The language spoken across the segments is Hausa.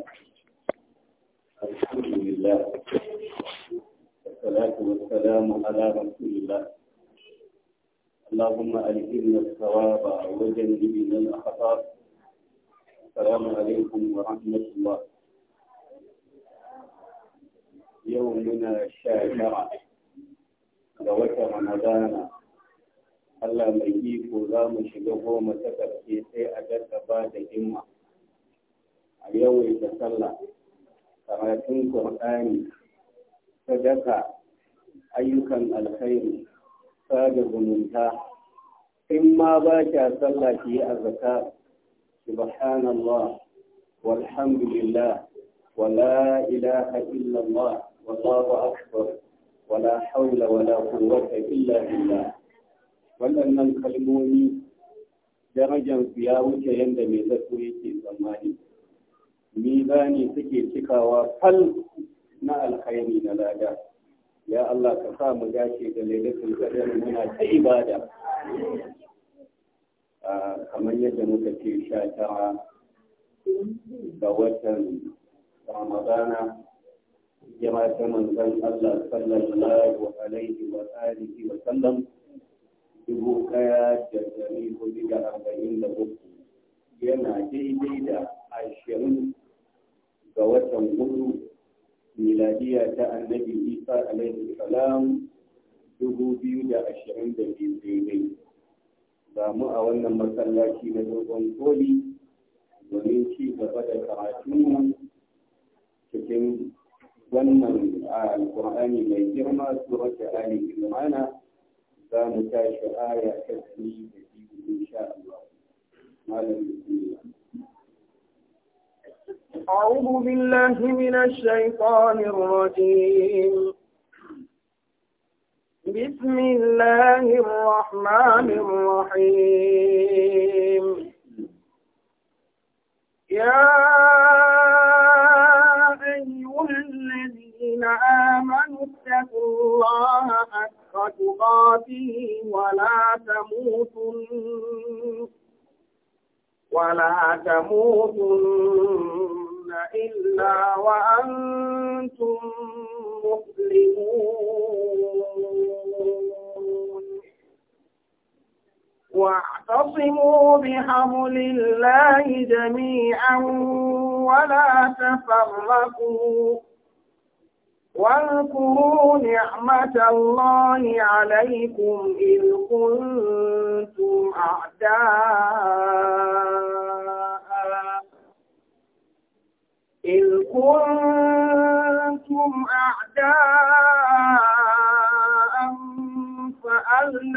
تعالى الحمد لله والصلاة والسلام على رسول الله اللهم ألهمنا الثواب وجنبنا الأخطاء السلام عليكم ورحمة الله يومنا الشاكرة لوجه رمضان Allah mai iko za mu shiga goma ta ƙarshe sai a gaggaba da himma. a yawaita sallah karatun qur'ani sadaka ayyukan alkhairi sada zumunta in ma ba kya sallah ki yi azzaka subhanallah walhamdulillah wala ilaha illallah wallahu akbar wala haula wala quwwata illa billah waɗannan kalmomi darajar su ya wuce yadda mai zato yake tsammani ne suke cikawa fal na alkhairi na lada ya Allah ka sa mu dace da lailatul qadr muna ta ibada ah, kamar yadda muka ce sha tara ga watan ramadana jama ta manzon Allah sallallahu alaihi wa alihi wa sallam dubu kaya da dari hudu da arba'in da uku yana daidai da ashirin ga watan hudu miladiya ta annabi isa alaihi salam dubu biyu da ashirin da biyu daidai ga mu a wannan masallaci na dogon koli domin ci gaba da karatu cikin wannan alkur'ani mai girma surat ali imrana za mu tashi aya ta 102 insha Allah malam bismillah أعوذ بالله من الشيطان الرجيم بسم الله الرحمن الرحيم يا أيها الذين آمنوا اتقوا الله حق تقاته ولا تموتن ولا تموتن إلا وأنتم مسلمون واعتصموا بحبل الله جميعا ولا تفرقوا واذكروا نعمة الله عليكم إذ كنتم أعداء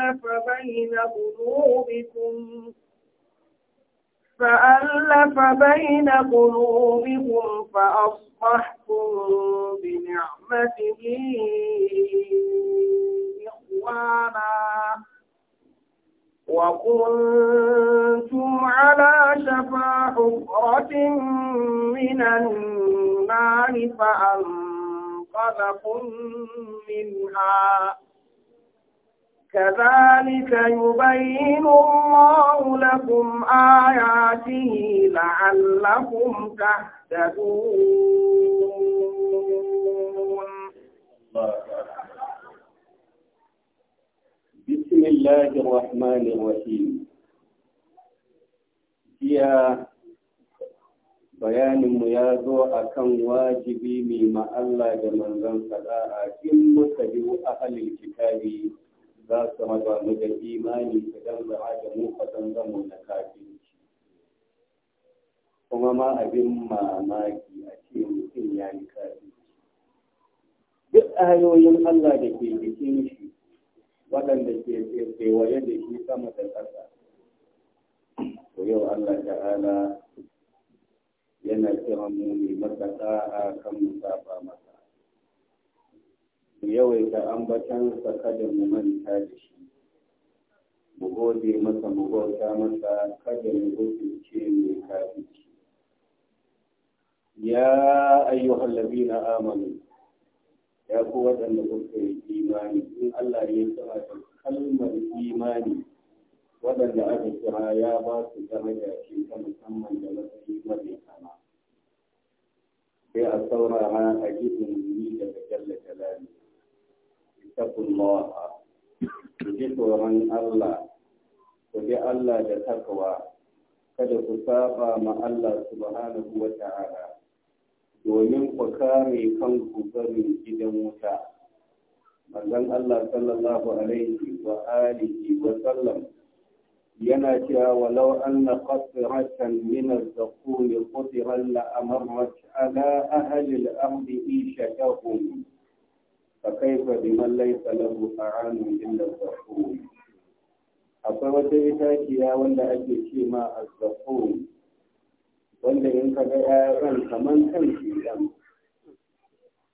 فألف بين قلوبكم فألف بين قلوبكم فأصبحتم بنعمته إخوانا وكنتم على شفا حفرة من النار فأنقذكم منها كذلك يبين الله لكم آياته لعلكم تهتدون بسم الله الرحمن الرحيم jiya bayaninmu ya zo a kan wajibi mai ma'alla da manzon sada'a in muka bi ahalin kitabi za su zama ba mu da imani idan ba a da mu fatan zamu na kafinci kuma ma abin mamaki a ce mutum ya yi kafinci duk ayoyin Allah da ke jikin shi waɗanda ke kewaye da shi sama da ƙasa to yau Allah ta'ala yana kiran mu ne masa kan mu saba masa yawaita ambatansa kada mu manta da shi mu gode masa mu bauta masa kada mu gudunce mai kafici ya ayyuhal ladina amanu ya ku waɗanda kuka yi imani in Allah ya kira da kalmar imani waɗanda aka kira ya ba su daraja ce ta musamman da matsayi mai kama sai a saurara a gidan ni daga jalla jalali فاتقوا الله تجدوا من الله تجد الله لتقوى kada ku saba ma Allah subhanahu wa ta'ala domin ku kame kanku barin gidan wuta manzon Allah sallallahu alaihi wa alihi wa sallam yana cewa walau anna qatratan min az-zaqum qutiran la amarat ala ahli al-ardi ishakahum فكيف بمن ليس له طعام إلا الزقوم akwai wata itaciya wanda ake ce ma azzaqum wanda in ka ga ƴaƴan kaman kan shedan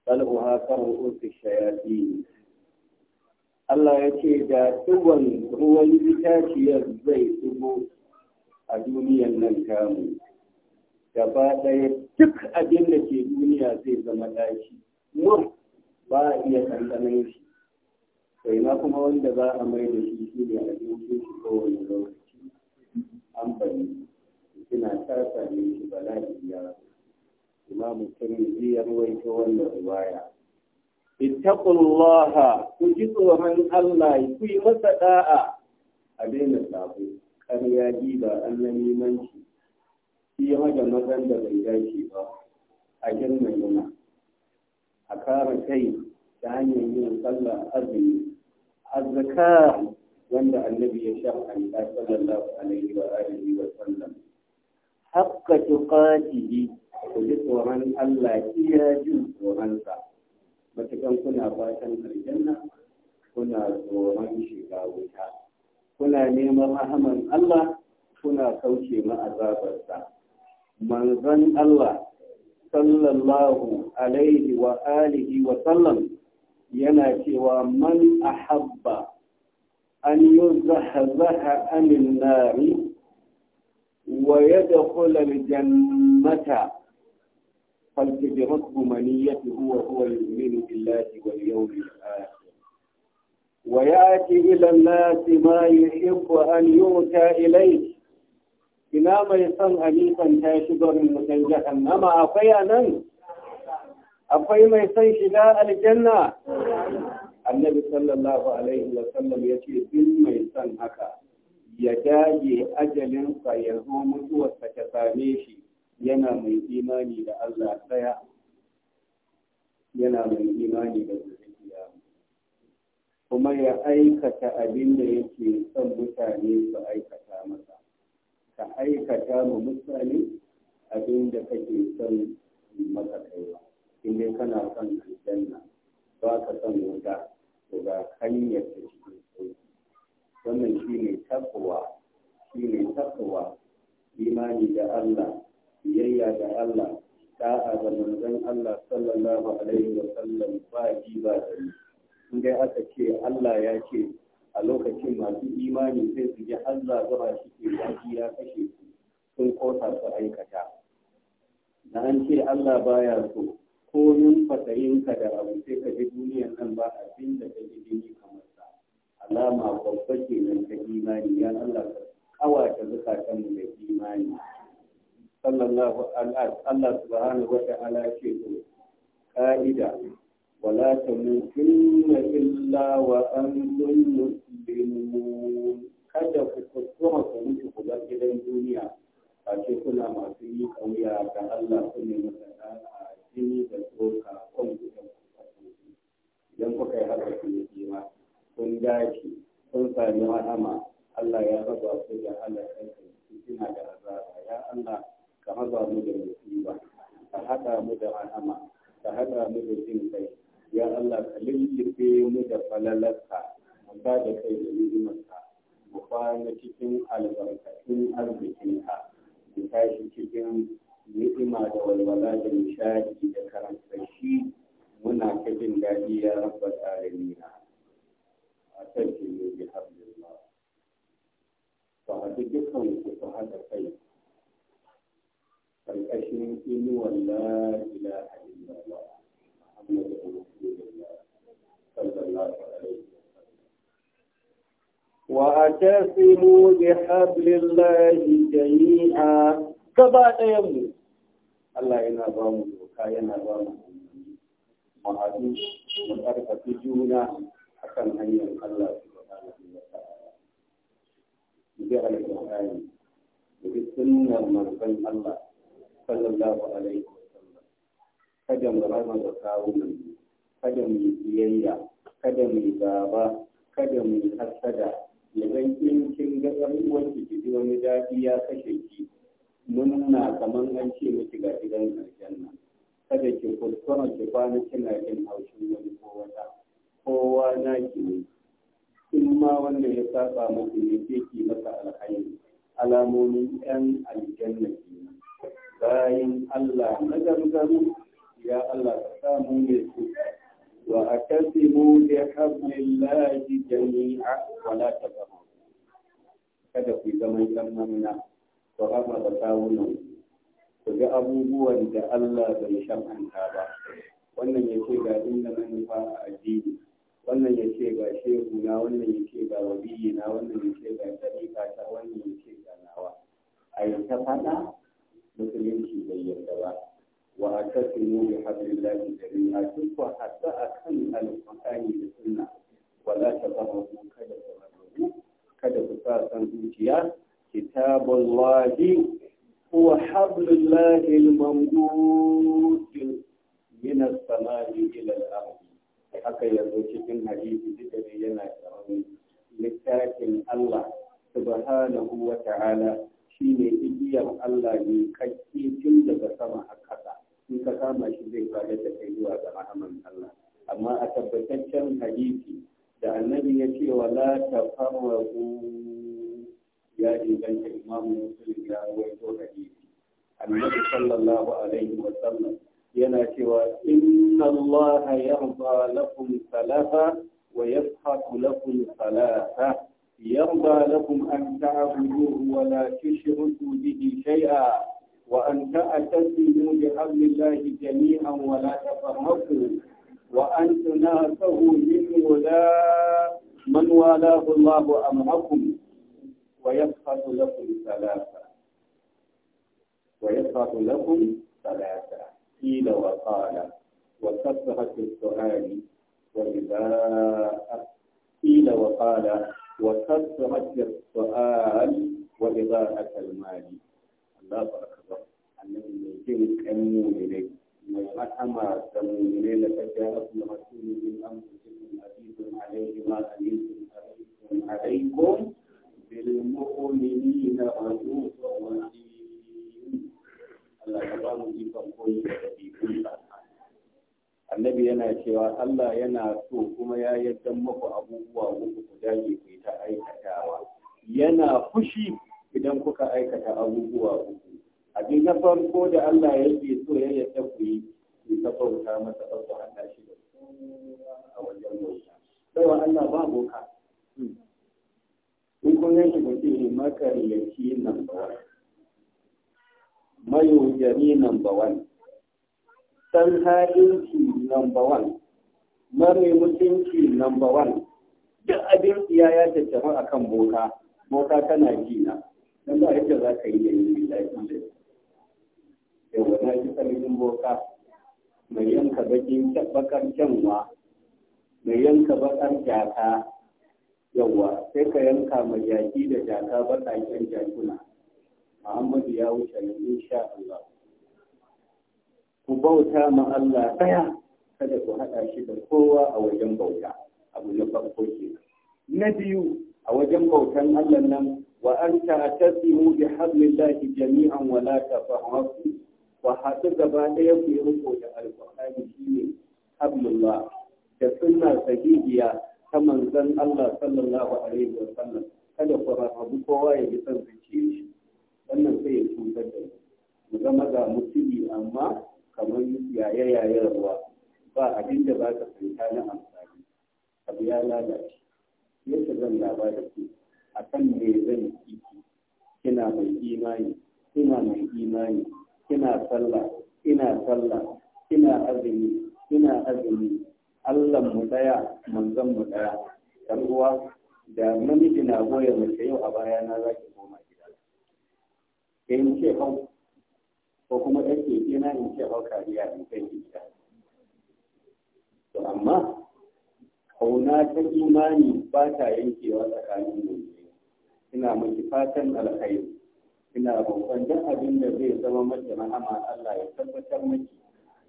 sal'uha karhu shayatin Allah ya ce da tuwon ruwan itaciyar zai tubo a duniyar nan kamu gaba ɗaya duk abin da ke duniya zai zama ɗaci. Mur ba a iya kankanin shi sai na kuma wanda za a mai da shi shi ne a abincin shi kowane lokaci an bari suna tasa ne shi bala'i ya imamu tirmidhi ya ruwaito wannan riwaya ittaqullaha ku ji tsoron Allah ku yi masa da'a a daina sabo ƙarya giba an na neman shi ya da bai dace ba a girmama a kare kai ta hanyar yin sallah azumi azzaka wanda annabi ya shar'anta sallallahu alaihi wa alihi wa sallam haqqa tuqatihi ku ji tsoron Allah iya jin tsoronsa matukan kuna fatan aljanna kuna tsoron shiga wuta kuna neman rahaman Allah kuna kauce ma azabarsa manzon Allah sallallahu alaihi wa wa sallam yana cewa man ahabba an yi zaha-zaha amin nari wa ya da kular jannata falke da makumani ya fi huwa huwa yi billahi wal yawmi wa ya ce ilan nasi ma an yi wuta ilaihi ina mai son halifan ta shiga mutan jahannama akwai a nan akwai mai son shiga aljanna annabi sallallahu alaihi wasallam ya ce duk mai son haka ya dage ajalinsa ya zo mutuwarsa ta same shi yana mai imani da Allah daya yana mai imani da kuma ya aikata abin da yake son mutane su aikata masa ka aikata ma mutane abin da kake son maka kaiwa inda kana son aljanna ba ka son wuta to ga hanyar ta wannan shine takwa shine takwa imani da Allah biyayya da Allah da'a da manzon Allah sallallahu alaihi wa sallam ba ji ba dai aka ce Allah ya ce a lokacin masu imani sai su ji har zuwa shi ke yaƙi ya kashe su sun kosa su aikata da an ce Allah baya so komin fasayinka da abu sai ka ji duniyan nan ba abin da ka ji jini kamar sa alama babba ke nan ta imani ya Allah ka kawata zukatan mu da imani sallallahu alaihi Allah subhanahu wa ta'ala ce ka'ida ولا تموتن إلا وأنتم مسلمون kada ku kuskura ku mutu ku bar gidan duniya ba ce kuna masu yi kauya ga Allah gaba ɗayan mu kawunan ku ga abubuwan da Allah bai shamanta ba wannan ya ce ga inda manufa a addini wannan ya ce ga shehu na wannan ya ce ga waliyi na wannan ya ce ga tsarika ta wannan ya ce ga nawa a yi ta faɗa musulunci bai yarda ba wa a mu bi hablillahi jami'a duk wa hatta akan alqur'ani da sunna wala tafahamu kada ku kada ku sa san zuciya kitabullahi هو حبل الله الممدود من السماء إلى الأرض haka yanzu cikin hadisi duka ne yana tsaroni littafin Allah subhanahu wa ta'ala shine igiyar Allah ne kakke tun daga sama a kasa. in ka kama shi zai fara da kai zuwa ga rahaman Allah amma a tabbataccen hadisi da annabi ya ce wa la tafarrahu ya inganta imamu muslim ya rawaito hadisi annabi sallallahu alaihi wa sallam yana cewa inna allaha yarda lakum salasa wa yashaku lakum salasa yarda lakum an ta'buduhu wa la tushriku bihi shay'a وأن تأتسموا بحبل الله جميعا ولا تفرقوا وأن تناسوا من ولا من والاه الله أمركم ويسقط لكم ثلاثة ويسقط لكم ثلاثة قيل وقال وكثرة السؤال وإذا قيل وقال وكثرة السؤال وإضاءة المال الله أكبر النبي يجيب كم إليك ويرحم سموه ليلة جاءكم رسول من أنفسكم عزيز عليه ما أنزل عليكم للمؤمنين رؤوفا رحيم Allah ya ba mu ikon koyi ɗabi'un Annabi yana cewa Allah yana so kuma ya yadda muku abubuwa uku ku dage ku ta aikatawa. Yana fushi idan kuka aikata abubuwa uku. Abin na farko da Allah yake so ya yadda ku yi, ku ta bauta masa ɗauka Allah shi da a wajen bauta. Sai wa Allah ba boka. in kun yanki mutum ne makaryaci nan ba mayogari nan ba wani san ha'inci nan ba wani mare mutunci nan ba wani duk abin tsiya ya tattara a kan boka boka tana jina don ba yadda za ka yi da yin lafi da yawa na ji tsarin boka mai yanka bakin bakar kyanwa mai yanka bakar jaka yawwa sai ka yanka mai yaƙi da jaka baƙaƙen jakuna Muhammadu ya wuce ne insha Allah ku bauta ma Allah ɗaya kada ku haɗa shi da kowa a wajen bauta abu na farko ke na biyu a wajen bautan Allah nan wa an tasimu bi hablillahi jami'an wa la tafarraqu wa hadu gaba ɗaya ku yi riko da alƙur'ani shine hablullah da sunna sahihiya ta manzon Allah sallallahu alaihi wa sallam kada ku abu kowa ya yi san zuciya shi wannan sai ya cutar da mu zama ga mutubi amma kamar yaya yaya ruwa ba abin da ba ka fahimta na amfani abu ya lalace yadda zan laba da ku a kan me zan yi kina mai imani Kina mai imani kina sallah Kina sallah Kina azumi Kina azumi Allah mu daya manzon mu daya dan uwa da namiji na goya mace yau a baya na zaki koma gida in ce hau ko kuma yake ina in ce hau kariya in kai gida to amma kauna ta imani ba ta yankewa tsakanin mu ina miki fatan alkhairi ina roƙon duk abin da zai zama mata rahama Allah ya tabbatar miki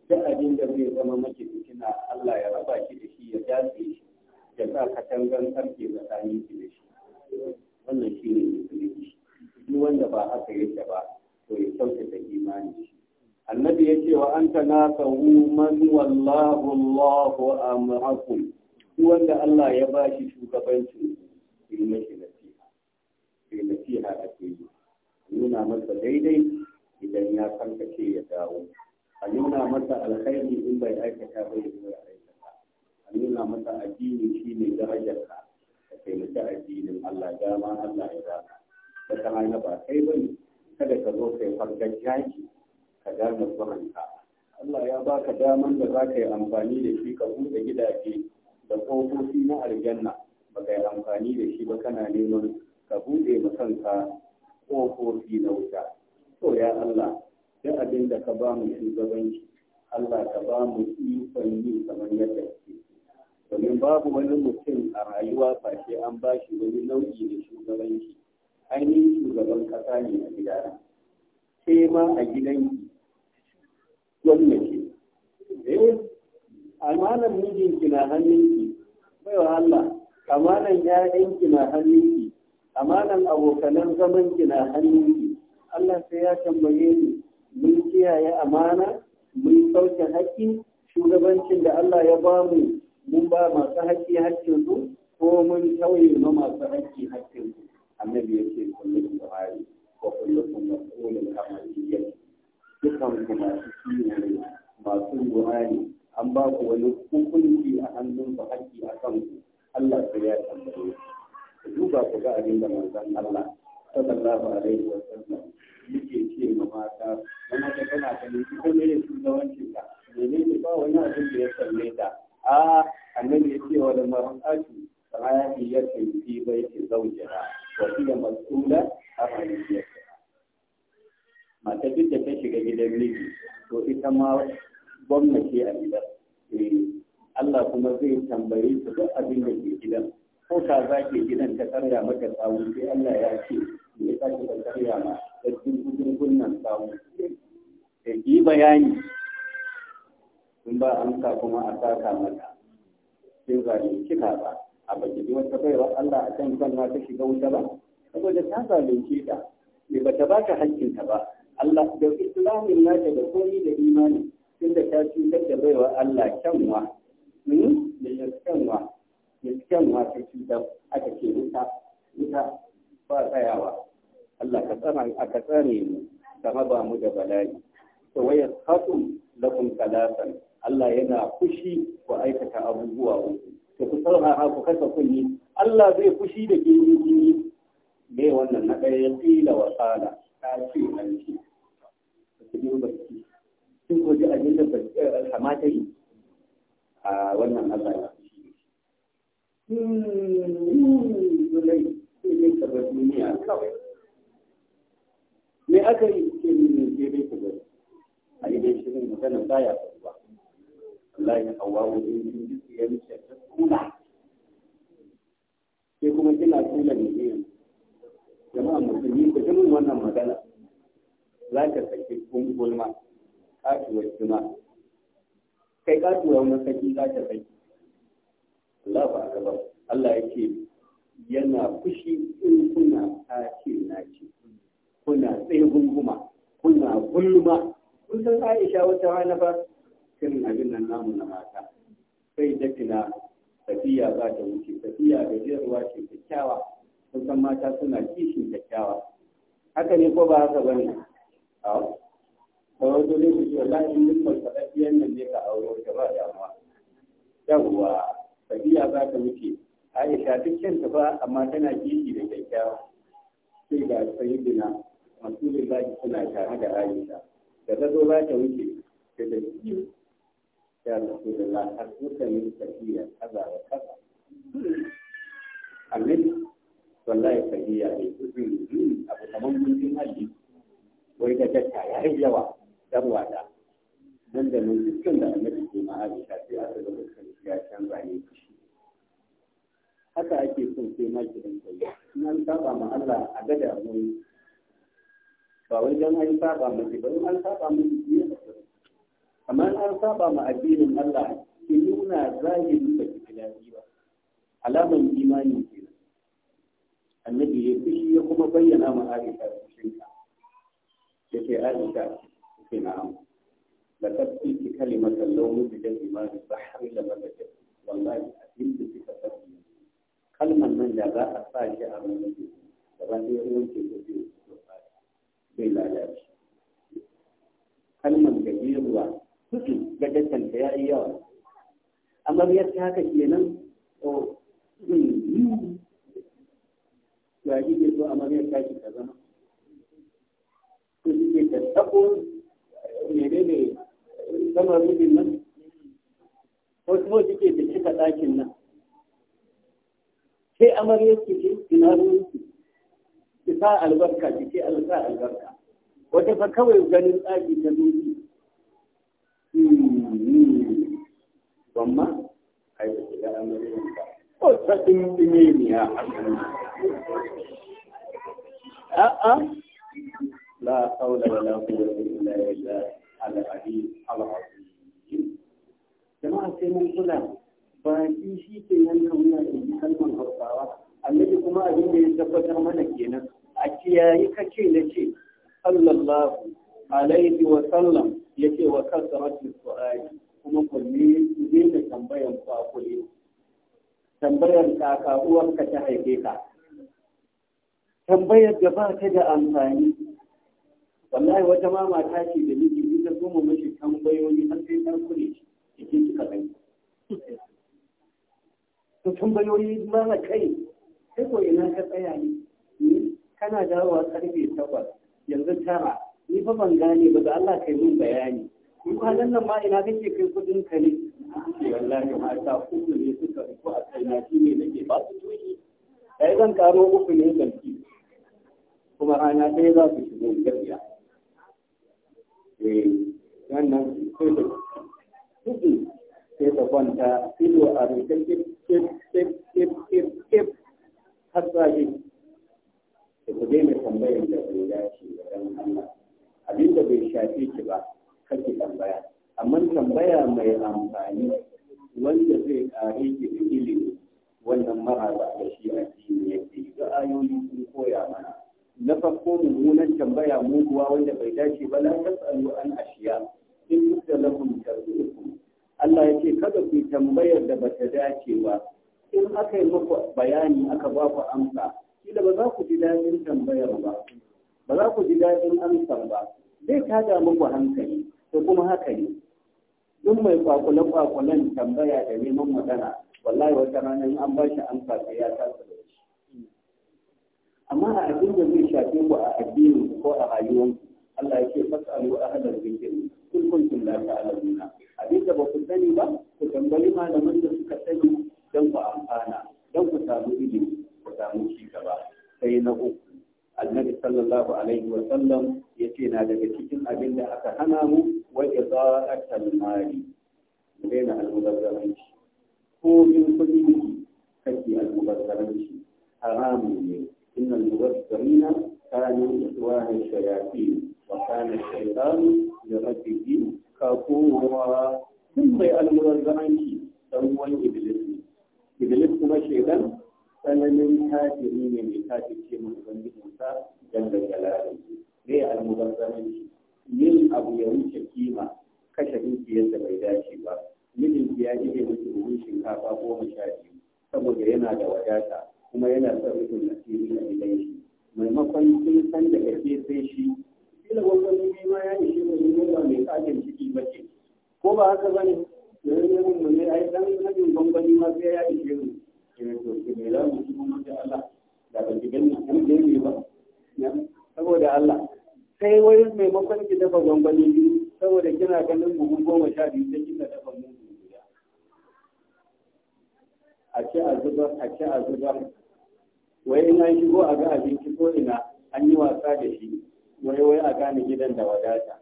duk abin da zai zama maki fitina Allah ya raba ki da shi ya jace shi ya sa katangan karfe tsakanin ki da shi wannan shi ne shi. duk wanda ba haka yake ba to ya kyautata imani annabi ya ce wa na tanasahu man wallahu Allahu amrakum duk wanda Allah ya ba shi shugabancin yi mashi na sai ha ake yi nuna masa daidai idan ya karkace ya dawo a nuna masa alkhairi in bai aikata ba zo ya aikata a nuna masa addini shi ne darajarka ka taimaki addinin Allah dama Allah ya baka wata hanya ba kai ba ne, kada ka zo kai farkar yaki, ka gane kuranka Allah ya baka daman da za ka yi amfani da shi ka buɗe gidaje da ƙofofi na aljanna ba ka yi amfani da shi ba kana neman ka buɗe ma kanka ƙofofi na wuta to ya Allah duk abin da ka ba mu shugabanci Allah ka ba mu ikon yi kamar yadda ke domin babu wani mutum a rayuwa ba sai an ba shi wani nau'i da shugabanci ainihin shugaban kasa ne a gida sai ma a gidanki gwamnati eh amanan mijinki na hannunki bai wahala amanan ƴaƴanki na hannunki amanan abokanan zamanki na hannunki Allah sai ya tambaye ni mun kiyaye amana mun sauke haƙƙi shugabancin da Allah ya ba mu mun ba masu haƙƙi haƙƙinsu ko mun tauye ma masu haƙƙi haƙƙinsu annabi ya ce kullum buhari ko kullum mas'ulun amaliyya dukkan ku masu kiwo masu buhari an ba ku wani hukunci a hannun ku haƙƙi a kan ku Allah ta ya tambaye ku duba ku ga abin da manzon Allah sallallahu alaihi wa sallam yake ce ma mata wani ta kana ganin ita ne ya shugabancin ka menene ba wani abin da ya same ta a annabi ya ce wa da mar'atu ra'iyatin fi baiti zawjiha wa hiya mas'ula an ra'iyatiha mata duk da ta shiga gidan miji to ita ma gwamnati a gidan eh, Allah kuma zai tambaye su duk abin da ke gidan ko ka za ke gidan ta karya maka sawu sai Allah ya ce me yasa kika karya ma da cikin nan samu da yi bayani in ba an sa kuma a saka mata sai zalunci ka ba a baki wata baiwa Allah a kan kanwa ta shiga wuta ba saboda ta zalunce ta bai bata ba ta hankinta ba Allah da islamin nata da komi da imani tunda ta cutar da baiwa Allah kyanwa hmm? da kyanwa da kyanwa ta cutar aka ce wuta wuta ba tsayawa Allah ka tsara ka tsare mu Kama ba mu da bala'i to waya khatum lakum talatan Allah yana fushi ku aikata abubuwa uku to ku ha ku kasa kunni Allah zai fushi da ke ni me wannan na ya kila wa tsala ta ce an ce sun a abin da kamata yi a wannan Allah ya fushi da shi. Hmm, zulai, sai dai ka bar duniya kawai. me aka yi ke ne ke dai ku gari a yi dai shirin magana ba ya faru ba Allah ya hawa wajen yin jiki ya mace ta kula sai kuma kina kula ne ne jama'a musulmi ku ji min wannan magana za ka saki kun gulma katuwar juma kai katuwar saki za ka saki Allah ba a Allah ya ce yana fushi in kuna ta ce na ce kuna tsaye gunguma kuna gulma kun san Aisha wata rana fa kirin abin nan namu na mata sai da kina tafiya za ta wuce tafiya da jirwa ce kyakkyawa kun san mata suna kishin kyakkyawa haka ne ko ba haka bane a wato ne ku ce wallahi in duk masalafiyan nan ne ka auro ta ba damuwa yawwa tafiya za ta wuce Aisha duk kyanta ba amma tana kishi da kyakkyawa sai ga sayyidina Masu rasulullahi suna tare da aisha da ta zo za ta wuce da ta ci ya rasulullah har kuka min tafiya kaza wa kaza annabi wallahi tafiya ne kudin abu kamar mun haji wai da ta ya yi yawa dan wada nan da nan dukkan da annabi ke ma aisha sai a ga dukkan ya canza ne haka ake son sai ma kiran kai nan saba ma Allah a ga da ba wai don an saba mace ba an saba miki shi ne amma an saba ma addinin Allah ki nuna zahiri ba ki daɗi ba Alamar imani kenan annabi ya fushi ya kuma bayyana ma Aisha fushinka yace Aisha ke na'am لقد قلت a لو مدد الإمام البحر لما مدد والله أدلت في a كلمة من لا بأس فاشعة da مدد لما يروي في zai lalace kalmar ruwa, tutu ga dakkanta ya yi yawa amaryar ta haka kenan to ya yi ke so amaryar ta ki ta zama to shi ta tsako menene sama rubin nan ko kuma ke ta cika ɗakin nan sai amaryar ki ce ina ruwan كفاء البركة كي ألفاء البركة وتفكوا الجن الآتي ثم حيث إلى أمر الله وتقم يا حسن أأ لا حول ولا قوة إلا بالله على العزيز على العظيم جماعة سيدنا سلام فكيف يمكن أن يكون هناك من الذي a kiyaye kake na ce sallallahu alaihi wa sallam ya ce wa kasaratu su'ali kuma kulli ne ku ne tambayan ku a ka ka kaka ka ta haife ka tambayar da ba ta da amfani wallahi wata mama ta ce da miji in ta goma mashi tambayoyi an sai ta kure shi cikin cika kai to tambayoyi mara kai sai ko ina ka tsaya ne hmm? kana dawowa karfe takwas yanzu tara ni fa ban gane ba da Allah kai mun bayani ni kwanan nan ma ina kake kai kudin ka ne ce wallahi mata uku ne suka riko a kaina shi ne nake ba su tuki kai zan karo uku ne ke, kuma rana ɗaya za su shigo gaskiya eh wannan sai da sai ta kwanta ido a rufe kip kip kip kip kip har da ku daina tambayar da bai dace ba don Allah abin da bai shafe ki ba kake tambaya amma tambaya mai amfani wanda zai kare ki da ilimi wannan ba da shi a cikin yake ga ayoyi sun koya mana na farko mummunan tambaya muguwa wanda bai dace ba la tasalu an ashiya in duk da lakum tarzuqukum Allah ya ce kada ku tambayar da bata dace ba in aka yi muku bayani aka ba ku amsa kila ba za ku ji daɗin tambayar ba ba za ku ji daɗin amsar ba zai tada muku hankali da kuma haka ne duk mai kwakule kwakulan tambaya da neman magana wallahi wata ranar an ba shi amsa ya da shi amma a abin da zai shafe ku a addini ko a rayuwar Allah ya ce fasalu ahadar zikir kun kuntum la ta'lamuna abin da ba ku sani ba ku tambayi malaman da suka sani don ku amfana don ku samu ilimi Ku samu ci gaba sai na uku annabi sallallahu alaihi wa sallam yace na daga cikin abin da aka hana mu wa idza'atul mali daina almubazzaranci ko min kudi kake almubazzaranci haramu ne innal mubazzarina kanu ikhwana shayatin wa kana shaytanu li rabbihi kafura duk mai almubazzaranci dan uwan iblis kuma shaytan tsananin kafiri ne mai kafirce mun ubangijinsa jalla jalaluhu zai almubazzaranci yin abu ya wuce kima kashe dukiyar da bai dace ba mijinki ya ji miki buhun shinkafa ko sha saboda yana da wadata kuma yana son rufin asiri a gidan shi maimakon sun san daga gaske sai shi kila wannan ma ya ishe mu ne ba mai kajin ciki ba ce ko ba haka bane yanzu mun ne ai dan hajin gwangwani ma sai ya ishe mu saboda Allah sai wai maimakon ki dafa gwangwani saboda kina ganin buhu goma sha biyu sai kina dafa mugu guda a ce a zubar a ce a zubar wai in an shigo a ga abinci ko ina an yi wasa da shi wai wai a gane gidan da wadata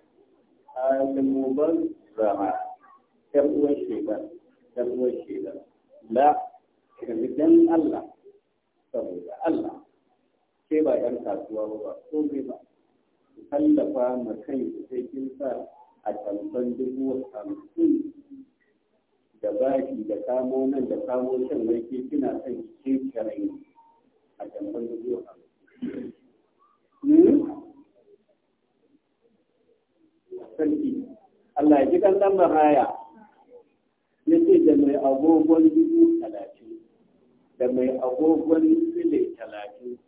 a mubar rama ɗan uwan shekar ɗan uwan shekar la yanzu dan Allah saboda Allah ke ba yan kasuwa ba ba ko bai ba ki tallafa ma kai sai kin sa a tamban dubu hamsin da baki da kamo nan da kamo shan mai ke kina son ki ce a tamban dubu hamsin hmm? sarki Allah ya ji kan san bahaya ya ce da mai agogon dubu talatin da mai agogon sile talatin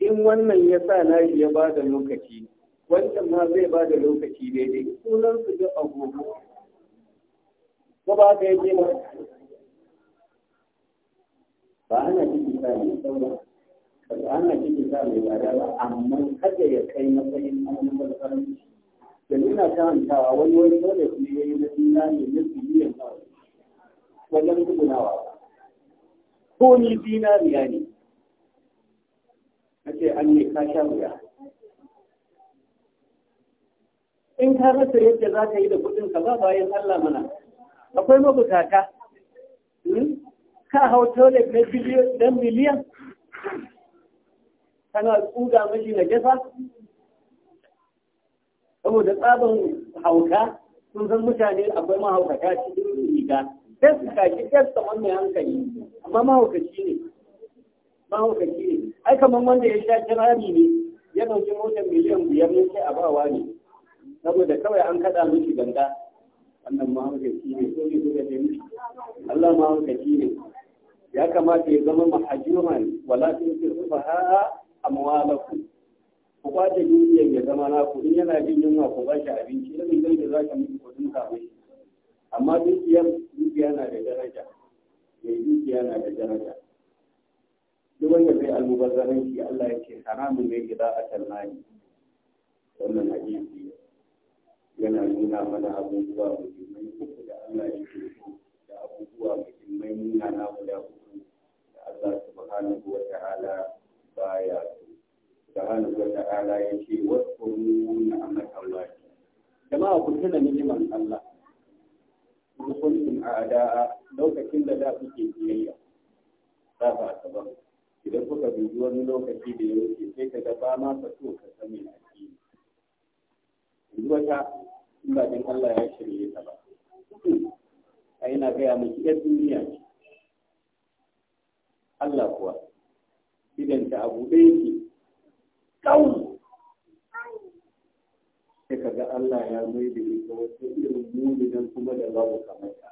in wannan ya sa nashi ya ba da lokaci wancan ma zai ba da lokaci daidai sunan su ga agogo ko ba ka yake ba ba ana cikin sa ne, ba ana cikin sa mai tsada ba amma kada ya kai matsayin amma karanci da nuna karantawa wani wani dole ne ya yi na suna ne na biliyan wajen ba. ko zinariya ne ce an ne ka sha wuya in ka rasa yadda za ka yi da kudin ka ba bayan Allah mana akwai mabukata hmm? ka hau toilet na dan miliyan kana kuga mashi na jasa saboda tsaban hauka sun san mutane akwai mahaukata cikin riga sai su kaji testa wannan hankali amma mahaukaci ne mahaukaci ne ai kamar wanda ya sha kirari ne ya ɗauki motar miliyan biyar ne sai a bawa ne saboda kawai an kaɗa miki ganga wannan mahaukaci ne so ne kuka ce miki Allah mahaukaci ne ya kamata ya zama mahajuma ne wala tun fi a amwalakum ku kwace dukiyar ya zama naku in yana jin yunwa ku ba shi abinci irin da za ka miki ku dinka mishi amma dukiya dukiya na da daraja mai dukiya na da daraja duk wanda zai almubazzaranci Allah yake haramun ne gida a nani wannan hadisi yana nuna mana abubuwa muhimmai uku da Allah yake so da abubuwa muhimmai nuna na guda uku da Allah subhanahu wa ta'ala baya so subhanahu wa ta'ala yake wasu nuna amakan wani jama'a ku tuna ni'imar Allah hukuncin a da'a lokacin da za kuke biyayya za ba ta ba idan kuka dubi wani lokaci da ya wuce sai ka ga ma ka so ka san me ake yanzu wata in ba Allah ya shirye ta ba a yana gaya miki yar duniya ce Allah kuwa idan ta abu ɗaya ke kawai sai ka ga Allah ya mai da ita wata irin muminan kuma da babu kamar ta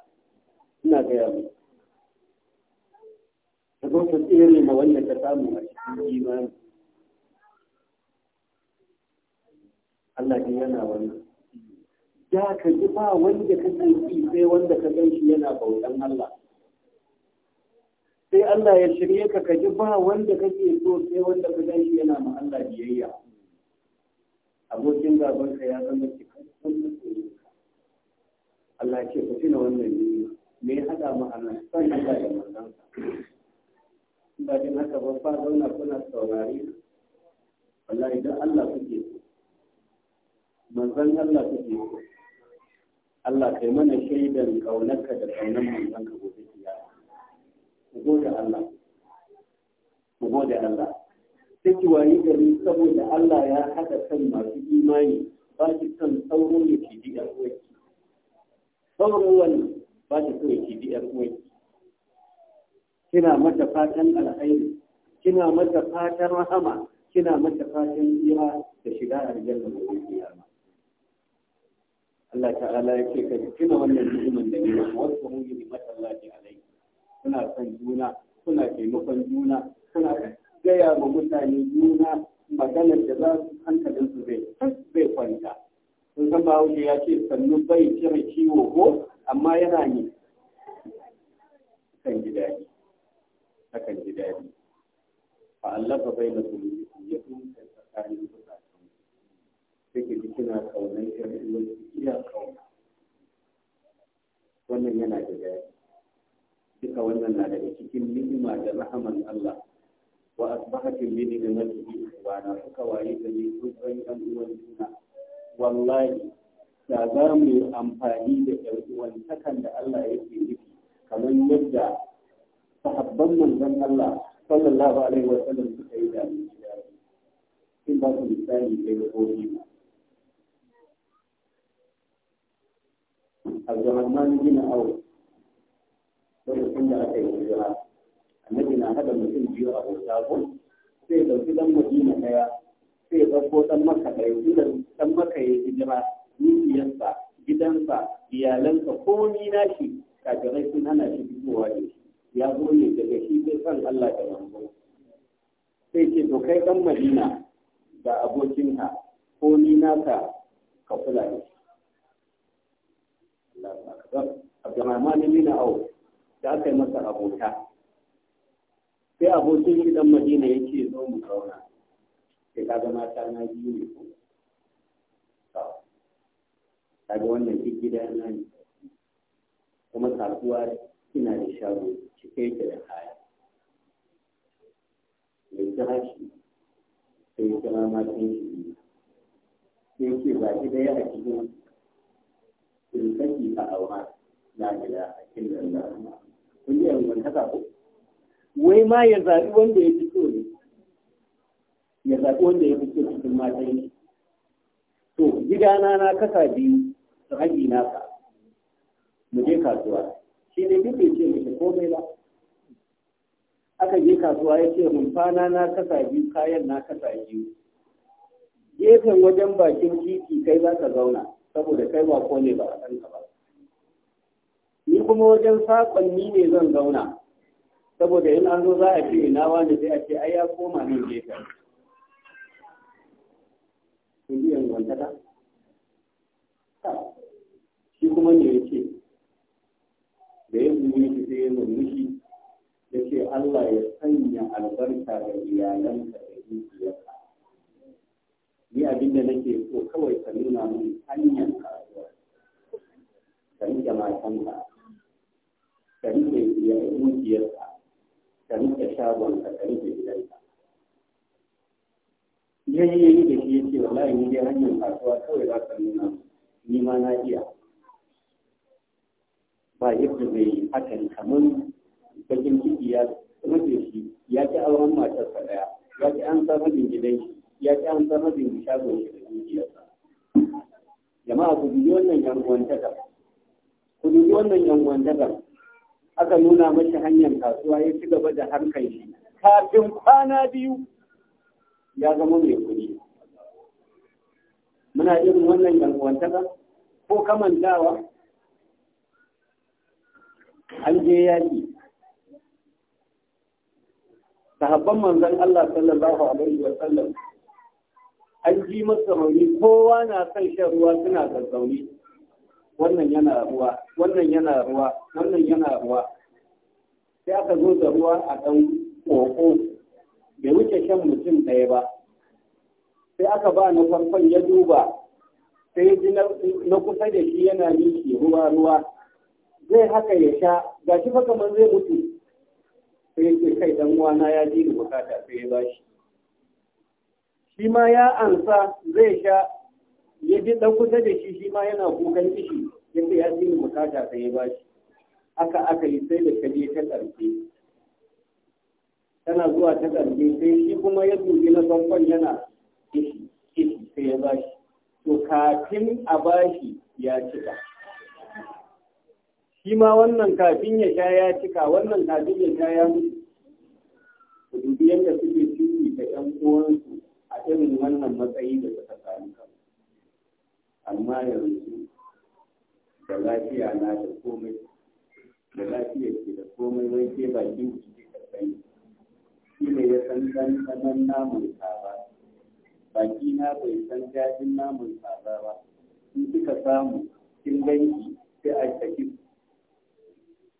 ina gaya mu ta zo ta tsere ma wannan ta samu a cikin imani Allah ne yana wannan Ya ka ji ba wanda ka san sai wanda ka gan shi yana bautan Allah sai Allah ya shirye ka ka ji ba wanda kake so sai wanda ka gan shi yana ma Allah biyayya abokin gabanka ya zama cikakken mutum Allah ce ku tuna wannan ne me ya haɗa mu a nan san Allah da manzansa ba din haka ba fa zauna kuna saurari wallahi idan Allah kuke so manzan Allah kuke so Allah kai mana shaidan kaunarka da kaunar manzanka gobe kiyama ku gode Allah ku gode Allah sai ki gari saboda Allah ya haɗa kan masu imani ba ki son sauro ya ke bi ƴan uwanki sauro wani ba shi so ya ci bi ƴan kina mata fatan alkhairi kina mata fatan rahama kina mata fatan iya da shiga a rigar da kiyama Allah ta'ala ya ce ka kina wannan ni'iman da ne wasu mun yi mata Allah alai kuna son juna kuna taimakon juna kuna gaya ma mutane juna maganar da za su hankalin su bai kwanta sun san wuce ya ce sannu bai kira ciwo ko amma yana ne kan ji daɗi kan gida ne fa Allah ba bai na tuni ya tunta tsakanin bukatun sai ki kina kaunar ƴan iya kauna wannan yana da daɗi duka wannan na daga cikin ni'ima da rahaman Allah wa asbahatin min ni'matihi wa na suka waye da ni kun san an uwan juna wallahi da za mu yi amfani da ƴan uwantakan da Allah yake nufi kamar yadda sahabban manzon Allah sallallahu alaihi wa sallam suka yi da ni in ba su misali da A ba Abdurrahman bin Auf lokacin da aka yi hijira annabi na haɗa mutum biyu a bauta ko sai ɗauki ɗan madina ɗaya sai ko ɗan maka ɗaya inda ɗan maka ya hijira dukiyarsa gidansa iyalansa komi na shi kafirai sun hana shi fitowa ne ya zo ne daga shi sai san Allah da manzo sai ce to kai ɗan madina da abokinka ko ni naka ka kula da shi Allahu akbar Abdurrahman bin Auf da aka yi masa abota sai abokin gidan dan madina ya ce zo mu zauna sai ka ga mata na biyu ne ko Ta ga wannan duk gida na ne kuma kasuwa ina da shago cike yake da kaya ya kira shi sai ya kira matan shi biyu sai ce ba shi ɗaya a cikin sulkaki a aura la ilaha illallah kun yi yanzu ta ko wai ma ya zaɓi wanda ya fi so ne ya zaɓi wanda ya fi so cikin matan shi to gidana na kasa biyu su haƙi ka. mu je kasuwa shi ne duk bai ce mishi komai ba aka je kasuwa ya ce rumfana na kasa biyu kayan na kasa biyu gefen wajen bakin titi kai za ka zauna saboda kai ba kone ne ba a san ka ba ni kuma wajen sakonni ne zan zauna saboda in an zo za a ce ina wani sai a ce ai ya koma nan gefe ku ji shi kuma ne ya ce da ya buɗe shi sai ya murmushi ya ce Allah ya sanya albarka ga iyalanka da dukiyarka ni abin da nake so kawai ka nuna min hanyar kasuwa ka rike matanka ka rike dukiyarka ka rike shagon ka ka da gidanka yayi yayi da shi yace wallahi ni dai hanyar kasuwa kawai za ka nuna ni ma na iya ba yadda zai hakan kamar bakin ciki ya rufe shi ya ci auren matarsa daya ya ci an samar rabin gidan shi ya ci an samar rabin shagon shi da dukiyarsa jama'a ku dubi wannan yan uwantaka ku dubi wannan yan uwantaka aka nuna mashi hanyar kasuwa ya ci gaba da harkar kafin kwana biyu ya zama mai kuɗi muna irin wannan yankuwantaka ko kamantawa an je yaƙi sahabban manzon Allah sallallahu alaihi wa sallam an ji masa rauni kowa na son shan ruwa suna zazzauni wannan yana ruwa wannan yana ruwa wannan yana ruwa sai aka zo da ruwa a ɗan ƙoƙo bai wuce shan mutum ɗaya ba sai aka ba na farkon ya duba sai ji na kusa da shi yana miki ruwa ruwa zai haka ya sha ga shi fa kamar zai mutu sai ce kai dan uwana ya ji da bukata sai ya bashi shi ma ya ansa zai sha ya ji kusa da shi shi ma yana kukan kishi kin ya ji bukata sai ya bashi haka aka yi sai da kaje ta ƙarfe tana zuwa ta ƙarfe sai shi kuma ya dubi na bankon yana kishi kishi sai ya bashi to kafin a bashi ya cika shi ma wannan kafin ya sha ya cika wannan kafin ya sha ya mutu ku dubi yadda suke ciki da ƴan uwansu a irin wannan matsayi da suka sami kansu amma yanzu da lafiya na da komai da lafiya ke da komai wai ke bakin ki ke karɓai shi ne ya san ɗanɗanon namun ba baki na bai san daɗin namun kaza ba in kika samu kin ganki sai a tafi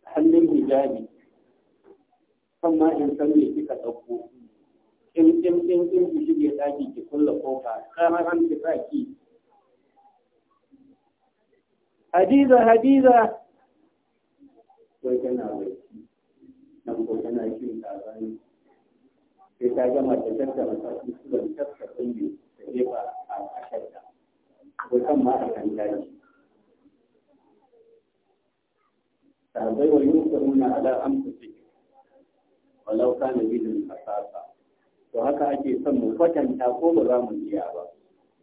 hannun hijabi amma in san me kika dauko? in in in in ki shige daki ki kulla kofa kana an ki ki hadiza hadiza wai tana barci nan ko tana shin tsarani sai ta gama da tattara masu da tattara ɗin da jefa a ƙasarta ko kan ma a kan daji sahabai wa yusaruna ala amfusi walau kana bidin kasasa to haka ake son mu kwatanta ko ba za mu iya ba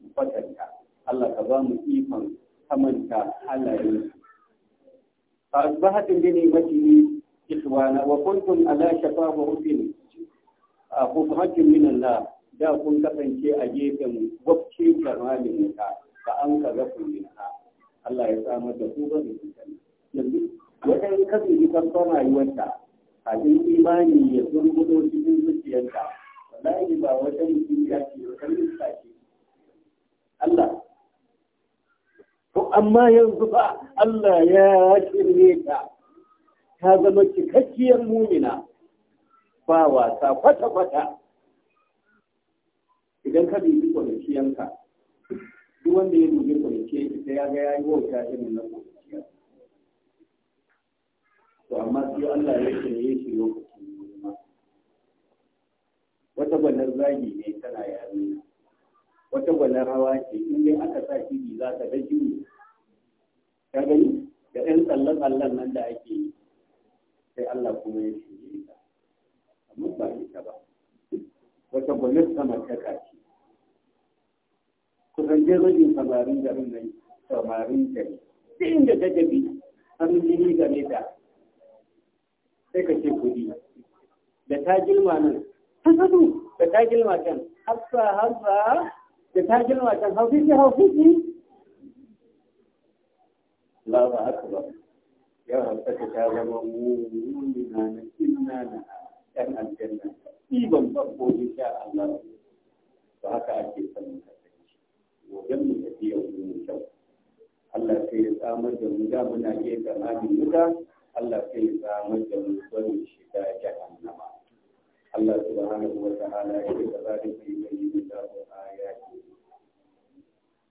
mu kwatanta Allah ka ba mu ikon kamanta halayen fa asbahatin bi ni'matihi ikhwana wa kuntum ala shafa hufin a hukumatin min Allah da kun kasance a gefen gwabci da malinka ba an ka ga kullin Allah ya samar da ku ba da kullin yanzu wajen kasance farkon a cikin imani ya zurgudo cikin zuciyarta wallahi ba wata mutum ya ce wata lissa ce Allah amma yanzu ba Allah ya shirye ta ta zama cikakkiyar mumina ba wasa kwata-kwata idan ka bibi kwanciyanka duk wanda ya dubi kwanciyar ita ya ga ya yi wauta irin na kwanciya to amma sai Allah ya shirye shi lokacin mumina wata gwanar zagi ne tana yarinya wata gwanar hawa ce in aka sa shi za ta ga ka gani da ɗan tsalle-tsallen nan da ake yi sai Allah kuma ya shige ta amma ba ita ba wata gwamnati sama ta kaci kusan je rajin samarin garin nan samarin gari sai inda ta tafi an jini game ta sai ka ce kuɗi da ta girma nan sadu. da ta girma can hafsa hafsa da ta girma can hafifi hafifi Allahu akbar yau hankali ta zama mummuna na inna na ɗan aljanna ɗiban farko insha Allah ba haka ake son mu kasance wajen mu tafiya mu kyau Allah sai ya samar da mu da muna iya tsammanin wuta Allah sai ya samar da mu barin shiga jahannama Allah subhanahu wa ta'ala ya ce zalika yubayyinu Allahu ayati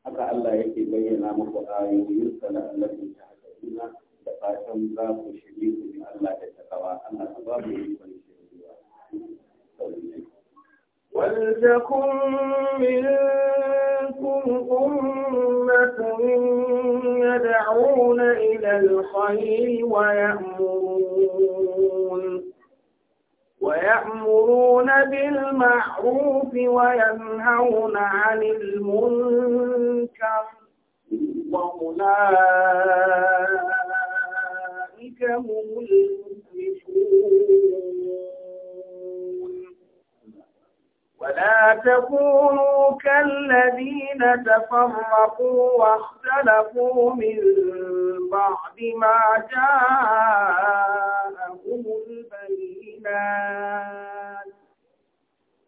haka Allah yake bayyana muku ayoyinsa na allafin ta hajjina da fatan za ku shirye ku bi Allah da takawa Allah ta ba mu yi wani shiryewa. ولتكن منكم أمة يدعون إلى الخير ويأمرون ويأمرون بالمعروف وينهون عن المنكر وأولئك هم ولا تكونوا كالذين تفرقوا واختلفوا من بعد ما جاءهم البينات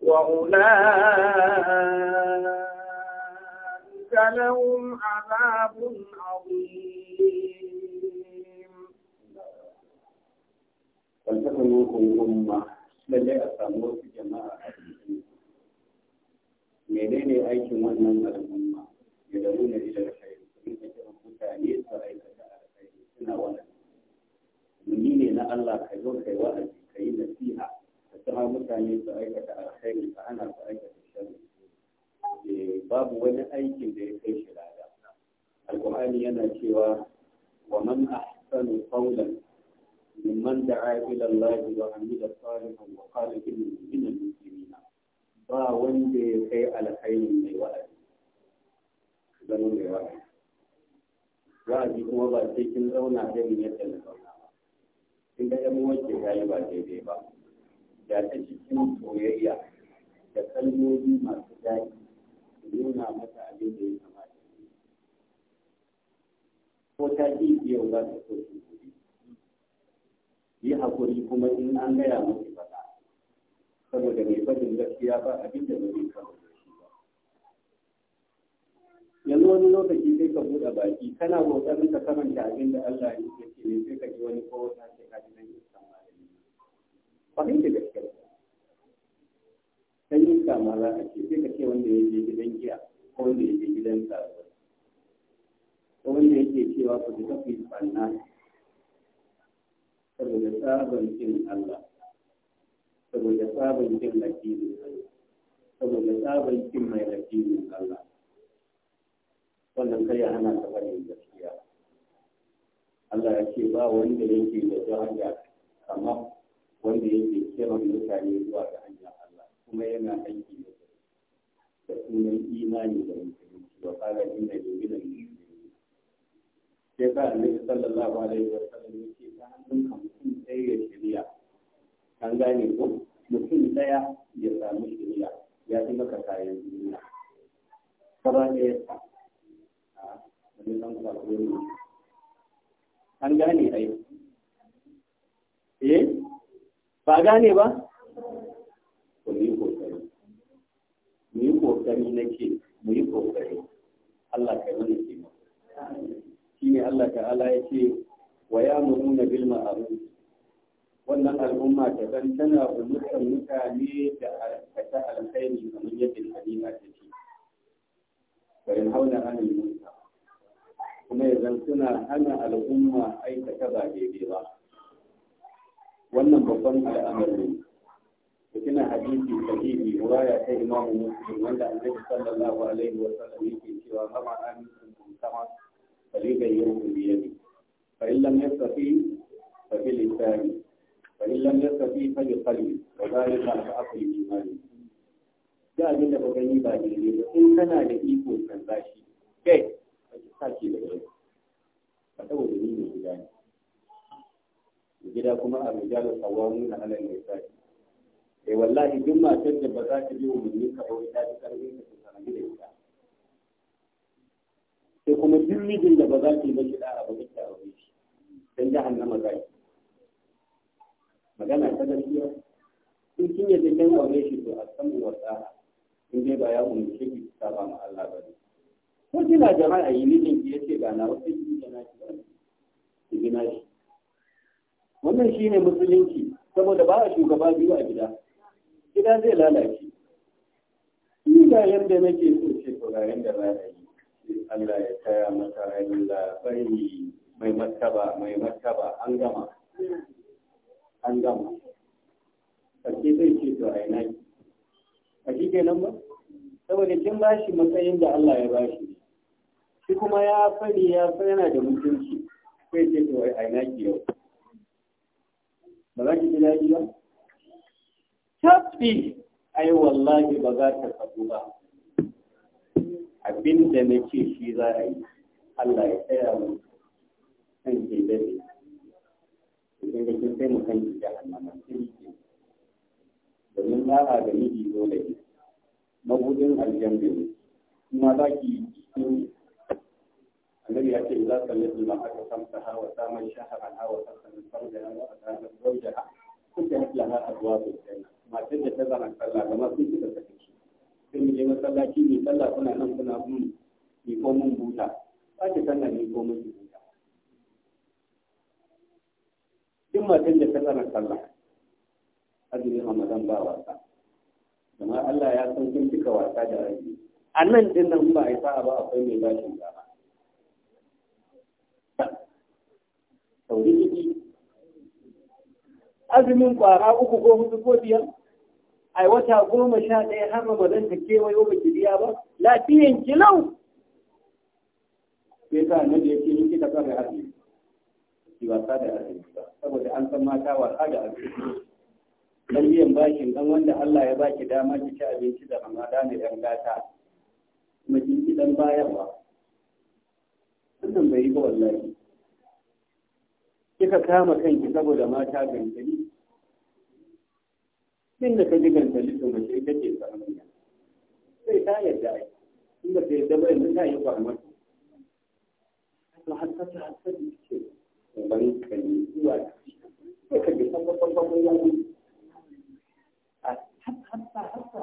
وأولئك لهم عذاب عظيم فلتكن منكم أمة لن يأتى جماعة menene aikin wannan al'umma ya da nuna da kai kuma ka kira mutane su aikata alkhairi suna wannan muni ne na Allah ka zo kai wa'azi ka yi nasiha ka kira mutane su aikata alkhairi ka ana su aikata sharri eh, babu wani aikin da ya kai shi lada alqur'ani yana cewa wa man ahsanu qawlan mimman da'a ila Allah wa amila salihan wa qala inni minal muslimin ba wanda ya kai alkhairin mai wa'azi zama mai wa'azi wa'azi kuma ba sai kin zauna irin yadda na zauna ba kin ga yan wanke ta yi ba daidai ba Ya ta cikin soyayya da kalmomi masu daɗi nuna mata abin da ya kamata ko ta ƙi yau za ta so yi haƙuri kuma in an gaya miki ba saboda mai fadin gaskiya ba abin da ba zai kawo shi ba yanzu wani lokaci sai ka buɗe baki kana ƙoƙarin ka karanta abin da Allah ya ce ne sai ka ji wani ko wata ce ka ji nan iskan malami kwanin da gaskiya sai yin kama za a ce sai ka ce wanda ya je gidan giya ko wanda ya je gidan tsaro ko wanda yake cewa ku ji tafi sannan saboda sabon cin Allah saboda tsaban jin addinin Allah saboda tsaban jin mai addinin Allah wannan kai ya hana ta bane gaskiya Allah ya ce ba wanda yake da jahada kamar wanda yake kiran mutane zuwa ga hanyar Allah kuma yana aiki da da sunan imani da musulunci wa fara inda jami'in musulunci sai ka annabi sallallahu alaihi wa sallam yake ta hannun kan mutum ɗaya ya shirya an gane ko mutum ɗaya ya samu shirya ya fi maka kayan duniya ya sa a wani ɗan kwaro ne an gane ai eh ba gane ba ko mu yi kokari mu yi kokari nake mu yi kokari Allah kai mana shi ne Allah ta'ala ya ce wa ya ya'muruna bil ma'ruf wannan al'umma ta daban tana umurtar mutane da aikata alkhairi kamar yadda halima ta ce bayan hauna anil munka kuma yanzu suna hana al'umma aikata ba daidai ba wannan babban al'amari da kina hadisi sahihi riwaya ta imamu muslim wanda annabi sallallahu alaihi wa sallam yake cewa kama an kama faligan yau biyadi fa illam yastati fa bil lisani فإن لم يستطيع فبقلبه وذلك أضعف الإيمان ba daidai ba in kana da iko kan bashi kai ka ki sake da gida kuma a tsawon mai E, wallahi duk matar ba za ta bi ka ba fi karfin ka da ita sai kuma duk mijin da ba za ta yi ba shi da abu shi. ta aure shi za ki magana ta gaskiya in kin yadda kin aure shi to a san wa tsara in dai ba ya umarce ki saba ma Allah ba ne ko kina jama'a yi ni ki yace ga na wasu shi da na ki ki gina shi wannan shine musulunci saboda ba a shugaba biyu a gida gida zai lalace ni ga yanda nake so ce to ga yanda ba yi Allah ya taya mata Allah bai mai martaba mai martaba an gama an gama sarki zai ce to a ina ki a shi nan ba saboda kin ba shi matsayin da Allah ya ba shi shi kuma ya fari ya san yana da mutunci sai ce to a ina ki yau ba za ki ji daɗi ba tafi ai wallahi ba za ta faɗu ba abin da nake shi za a yi Allah ya tsaya mu kan ke dade idan da kin sai mu kan jahannama sai ke domin a da miji dole ne mabudin aljanna ne kuma za ki yi النبي يأتي إذا سلت ha خمسها وسام شهرها a فرجها da زوجها فتحت ta. أبواب الجنة ما da تزرع صلى da في shi sai mu je masallaci mai sallah kuna nan kuna mun ni ko mun buta ba ki sallah ni ko mun duk matan da ta tsara sallah azumi ramadan ba wasa amma Allah ya san kin cika wasa da azumi a nan din nan ba a yi sa'a ba akwai mai bashin gaba sauri ciki azumin kwara uku ko hudu ko biyar a wata goma sha ɗaya har ramadan ta kewayo ba ki biya ba lafiyan kilau sai ka annabi ya ce in kika tsara azumi ki wasa da arziki ba saboda an san mata wasa da arziki dan biyan bashin dan wanda Allah ya baki dama ki ci abinci da Ramadan da yan gata kuma kin ki dan bayarwa wannan bai yi ba wallahi kika kama kanki saboda mata gangari din da ka ji gangari to mace ita ce samun sai ta yarda ai in ba ta yarda ba yanzu ta yi kwarmar to hassata hassata ce uban ka ne zuwa sai ka bi san san san ya ne a ta hatta hatta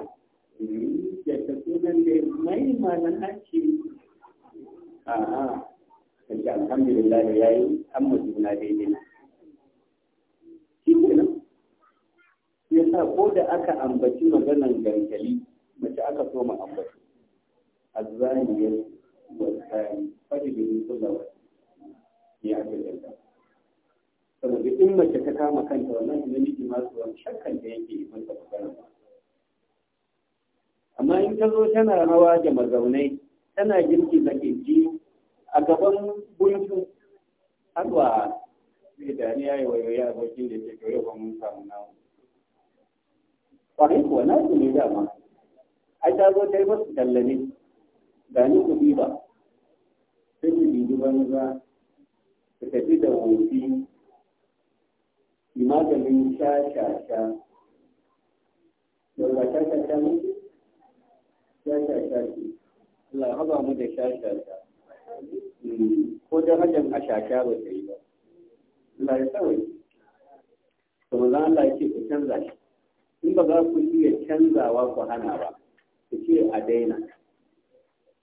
ya ta sunan da mai na ake A'a, a kace alhamdulillah yayi amma juna daidai shi ya sa ko da aka ambaci maganan gargali mace aka so mu ambaci azzaniyar wasani fadilin kulawar ya aka gargali in mace ta kama kanta wannan da namiji ma tsoron shakkan da yake yi mata magana ba amma in ta zo tana rawa da mazaunai tana girki da kirji a gaban gunki har wa zai ni ya wayoyi abokin da ke gare ba mun samu namu kwarai kuwa na su ne dama ai ta zo ta yi masu tallane da ni kuɗi ba sai su bibi banza su tafi da hoti maganin sha-sha-sha daga sha-sha-sha mutu sha-sha-sha ce Allah haba mu da sha-sha-sha hmm. ko darajar a sha-sha ba ta yi ba Allah ya tsawai kuma za Allah ya ce ku canza shi in ba za ku iya canzawa ku hana ba ku ce a daina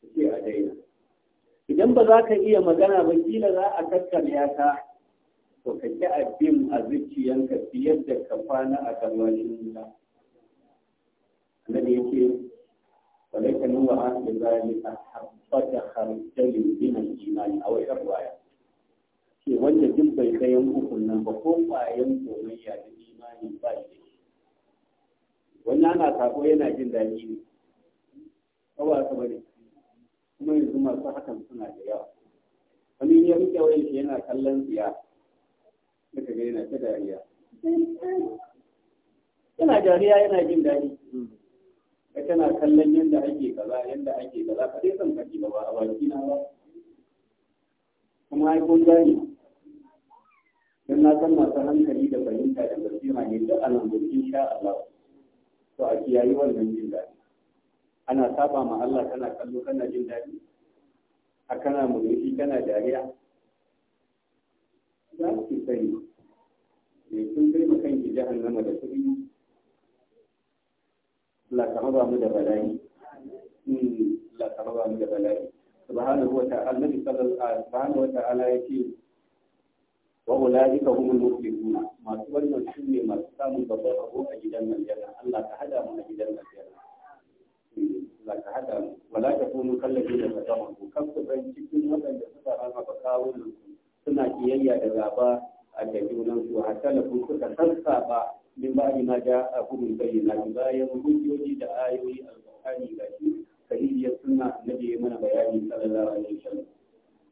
ku ce a daina idan ba za ka iya magana ba kila za a kakkarya ka to ka ki abin a zuciyanka fiye da ka kwana a kalmashin nuna. annabi yake walaika ke wa a zalika habbata khardalin min al-iman aw irwaya ke wanda duk bai kai yan ukun nan ba ko bayan ya da imani ba shi wannan ana sako yana jin daɗi ne kawai aka bari kuma yanzu masu hakan suna da yawa wani ya rike yana kallon tsiya suka ga yana ta dariya yana dariya yana jin daɗi ka tana kallon yadda ake kaza yadda ake kaza ka dai san kaji ba a baki na ba kuma ai kun gani dan na san masu hankali da fahimta da basira ne duk anan gurbin sha Allah to a kiyayi wannan jin daɗi ana saba ma Allah kana kallo kana jin daɗi a kana murmushi kana dariya za ki sani mai eh, kun kai makan ki jahannama da kuɗi Allah mu da bala'i hmm, Allah mu da bala'i subhanahu wa ta'ala nabi subhanahu wa ta'ala yake wa ulaika humul muflihun masu wannan shine masu samun babban ko a gidan aljanna Allah ka hada mu a gidan aljanna hmm, ka hada mu wala takunu kallabina fa tamu kan ku cikin waɗanda suka rama bakawun suna iyayya da gaba a da junansu A da suka suka sassaba min ba ma ja a gudun bayyana bayan hujjoji da ayoyi alƙur'ani ga shi sahihiyar sunna annabi ya mana bayani sallallahu alaihi wasallam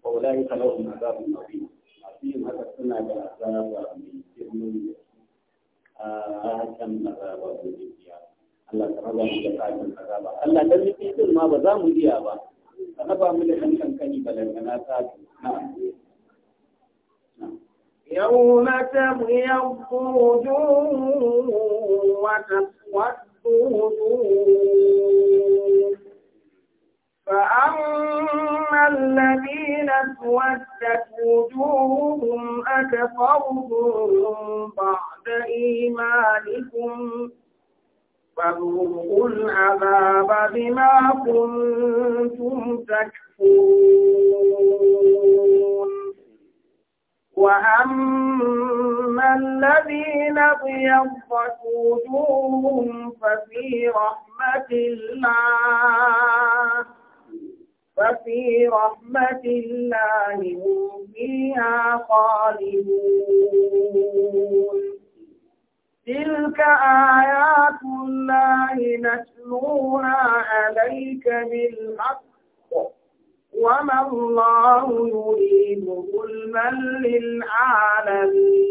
wa wallahi kalawun azabun azim masu yin haka suna da azaba mai girman a hakan azaba ko dukiya Allah ta raba mu da kafin azaba Allah dan nufi din ma ba za mu iya ba ka raba mu da kankan kani balangana ta na'am يوم تبيض وجوه وتسود وجوه فأما الذين اسودت وجوههم أكفرتم بعد إيمانكم فذوقوا العذاب بما كنتم تكفرون وأما الذين ابيضت وجوههم ففي رحمة الله ففي رحمة الله هم فيها خالدون تلك آيات الله نتلوها عليك بالحق وما الله يريد ظلما للعالمين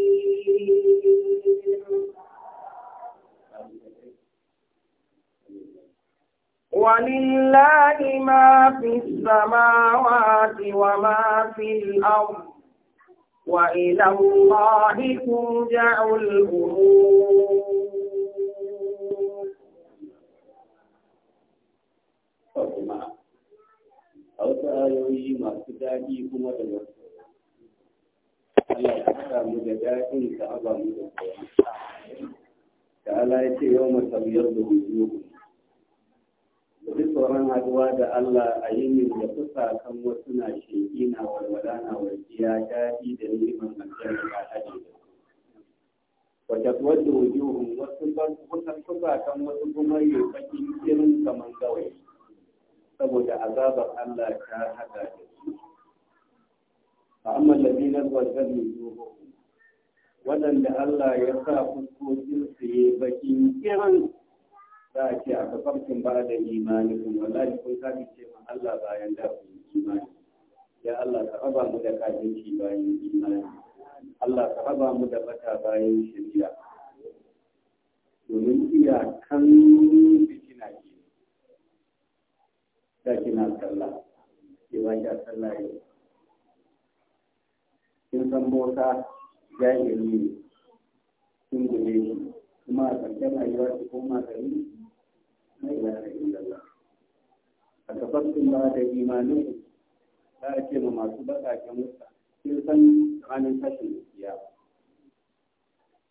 ولله ما في السماوات وما في الأرض وإلى الله ترجع الأمور ayoyi masu daɗi kuma da wasu Allah ya haɗa mu da daɗin ka aba mu da kowa da Allah ya ce yau masabiyar da hujjuhu da duk tsoron haduwa da Allah a yi min da kusa kan wasu na sheƙi na walwala na warkiya daɗi da neman aljanna ba haɗe da su wata wadda wujuhun wasu kan kusa kan wasu kuma yi bakin kirin kamar gawayi saboda azabar Allah ta hada da su a amman da zinar wajen mai zuwa waɗanda Allah ya sa fuskokin su yi bakin kiran za a ce a kafarkin ba da imani kun wallahi kun kafi ce ma Allah bayan da ku imani ya Allah ka raba mu da kafinci bayan imani Allah ka raba mu da bata bayan shari'a domin iyakan ta na sallah ke ba ki sallah yau kin san bota jahili ne kin guje shi kuma a ƙarshen rayuwa ki koma gari mai ilaha illallah a tafakkun ba da imanin za a ce ma masu baƙaƙen wuta kin san ranar tashin gaskiya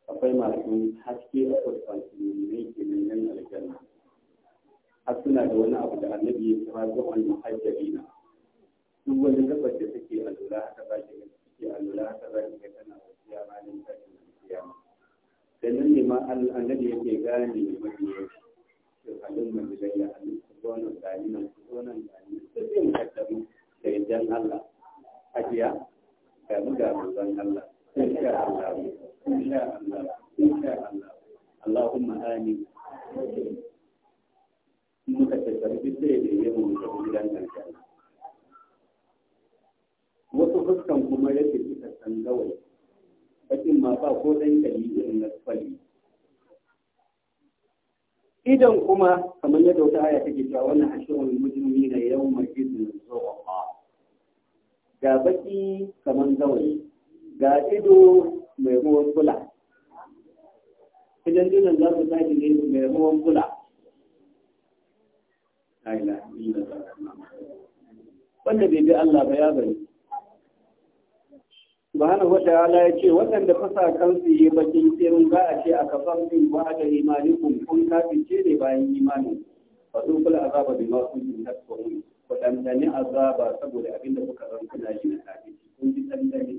akwai masu haske a fuskansu ne ke nan aljanna har suna da wani abu da annabi ya kira zuwan muhajjabina duk wani gabar da take alula haka za ki ga take alula haka za ki ga tana wasiya ranar tashin kiyama Sai nan ne ma annabi yake gane ne mafi yau halin majalayya halin ku zo nan gani nan ku zo nan gani nan su zai mukaddamu da yaddan Allah hajiya ga mu ga manzon Allah insha Allah insha Allah insha Allah Allahumma amin muka tattara duk zai da yi mu da gidan aljanna wasu fuskan kuma yake suka san gawai bakin ma ba ko dan kali irin na kwali idan kuma kamar yadda wata aya take cewa wannan ashirul mujrimina yawma idin zuwa ga baki kamar gawayi ga ido mai ruwan kula idan dinan za su tashi ne mai ruwan kula wanda bai bi Allah ba ya bari subhanahu wa ta'ala ya ce waɗanda fasa kansu yi bakin tsirin ba a ce a kafan din ba da imani kun kafin ce ne bayan imanin fa dukula azaba bi ma kuntum tasbahun ku ɗanɗani azaba saboda abin da kuka zan kuna shi na kafin kun ji dandani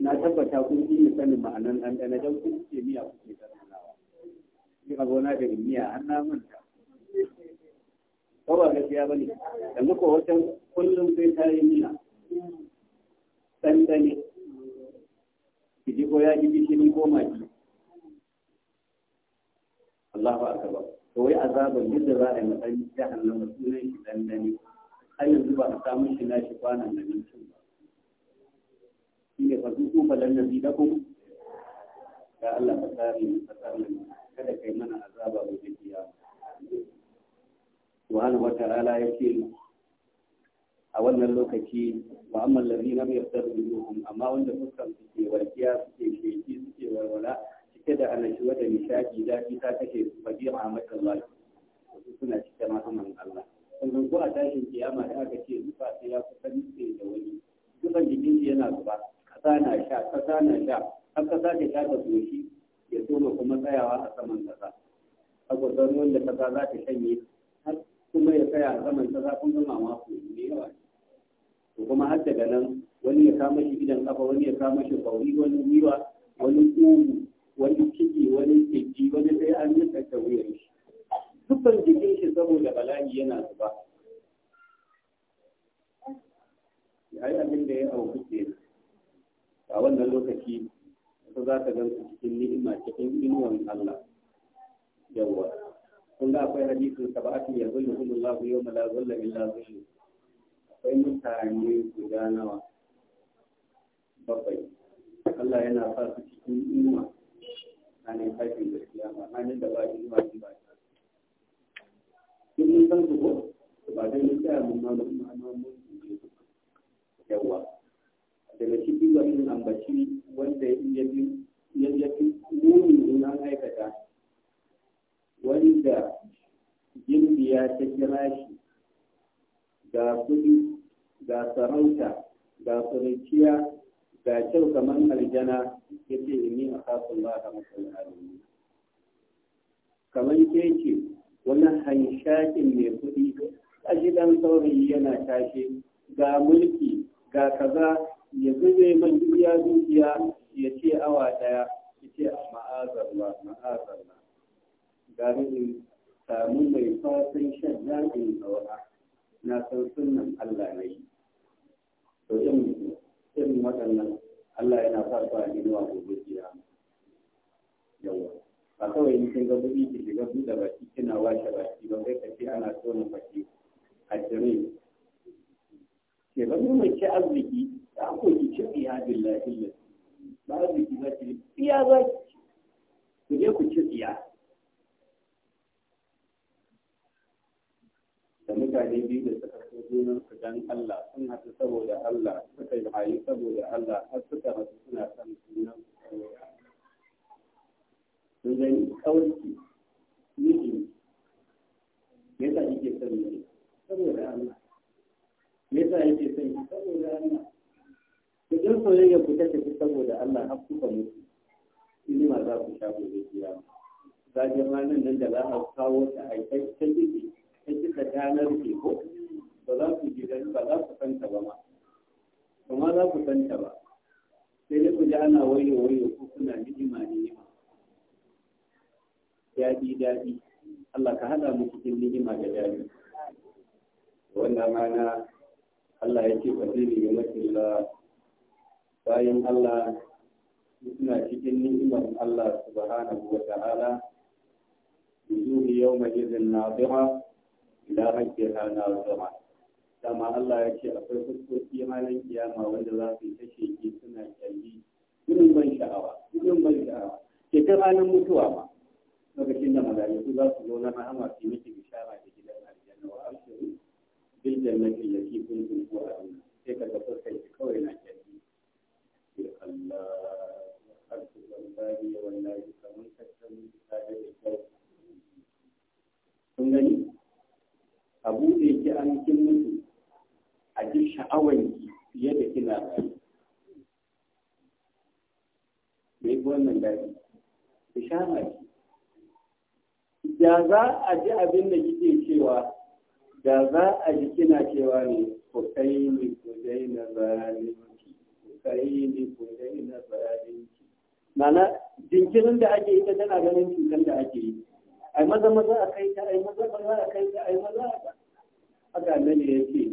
na tabbata kun yi sanin ma'anan dandana don kun ce miya kuke tattaunawa. Ina gona da miya an na manta. ko ba gaskiya ba ne yanzu ko wajen kullum sai ta yi miya ɗanɗane ji ko ya ji gishiri ko maki Allah ba aka ba to wai azabar yadda za a yi matsayin jahannama sunan shi ɗanɗane har yanzu ba a samun shi nashi kwanan da mintin ba shi ne fa duk kufalan da zai dakon ya Allah ka tsari mu ka tsare mu kada kai mana azaba gobe kiyama subhanahu wa ta'ala ya ce a wannan lokaci wa amma na mai yaftar wujuhum amma wanda fuskan su ke suke sheki suke warwala, cike da annashuwa da nishaɗi daɗi ta kashe su fadi a matan lafi suna cike rahaman Allah sannan ku a tashin kiyama da aka ce zufa sai ya kusa nutse da wani dukkan jikin shi yana zuba ƙasa na sha ƙasa na sha har ƙasa ta sha ta goshi ya soma kuma tsayawa a saman ƙasa saboda wanda ƙasa za ta shanye kuma ya tsaya zaman ta zafin ga mama ku ne yawa to kuma har daga nan wani ya kama shi gidan kafa wani ya kama shi bauri wani niwa wani kugu wani ciki wani keji, wani sai an yi tsakar wuyar shi dukkan jikin shi saboda bala'i yana zuba ya yi abin da ya auku ke a wannan lokaci wata za ka gan cikin ni'ima cikin inuwan Allah yawwa kun ga akwai hadisin sab'atin yazulluhum Allahu yawma la zulla illa zullu akwai mutane guda nawa bakwai Allah yana sa su cikin inuwa a ne kafin da kiyama hannun da ba shi ba ta in mun san su ko ba dai mun tsaya mun ma mun ma mun ji su yawa daga cikin wannan ambaci wanda ya fi ya fi an aikata wanda gimbiya ta kira shi ga kudi ga sarauta ga kuriciya ga kyau kamar aljana ya ce ni a kafin ba a matsalolin kamar ke ce wani hanshakin mai kudi a gidan saurayi yana tashe ga mulki ga kaza ya zube man duniya dukiya ya ce awa daya ya ce a ma'azar gare in samu mai fatan shan yaƙin zaura na san sunan Allah na yi. To in irin waɗannan Allah yana sa su a inuwa gobe kiyama. Yawwa. Ba kawai in kin ga buɗi ki shiga buɗe baki kina washe baki ba sai ka ce ana tona baki a jire. Ke ba mu mai ci arziki da ko ki ci iya billahi lillahi. Ba arziki ba ki iya ba ki. Ku je ku ci iya. mutane biyu da suka so junan su dan Allah sun haɗu saboda Allah suka yi hayi saboda Allah har suka haɗu suna san junan su saboda Allah. Sun zai kawai miji me yasa yake son miji saboda Allah me yasa yake son shi saboda Allah idan soyayya ku ta tafi saboda Allah har kuka mutu ilima za ku sha gobe kiyama zagin ranar nan da za a kawo ta ta ciki ta kika danar ke ko ba za ku ji ba za ku santa ba ma kuma za ku san ta ba sai da ku ji ana wayo wayo ko kuna ni'ima ni'ima daɗi daɗi Allah ka hada mu cikin ni'ima da daɗi wannan mana Allah ya ce wasiri ga matilla bayan Allah suna cikin ni'imar Allah subhanahu wa ta'ala wujuhi yawma idhin nadira idan hanke hana zama dama Allah ya ce akwai fuskoki halin kiyama wanda za su yi ta suna kyalli irin ban sha'awa irin ban sha'awa shekar halin mutuwa ma lokacin da malaiku za su zo na rahama su yi miki bishara da gidan aljanna wa abshiru bil jannati allati kuntum tu'adun awon fiye da kina rayu me wannan daɗi bishara ce da za a ji abin da kike cewa da za a ji kina cewa ne ko kai ko dai na zalunci ko kai ne ko dai na zalunci mana jinkirin da ake yi ta tana ganin cutar da ake yi ai maza maza a kai ta ai maza maza a kai ta ai maza a kai ta haka ne ya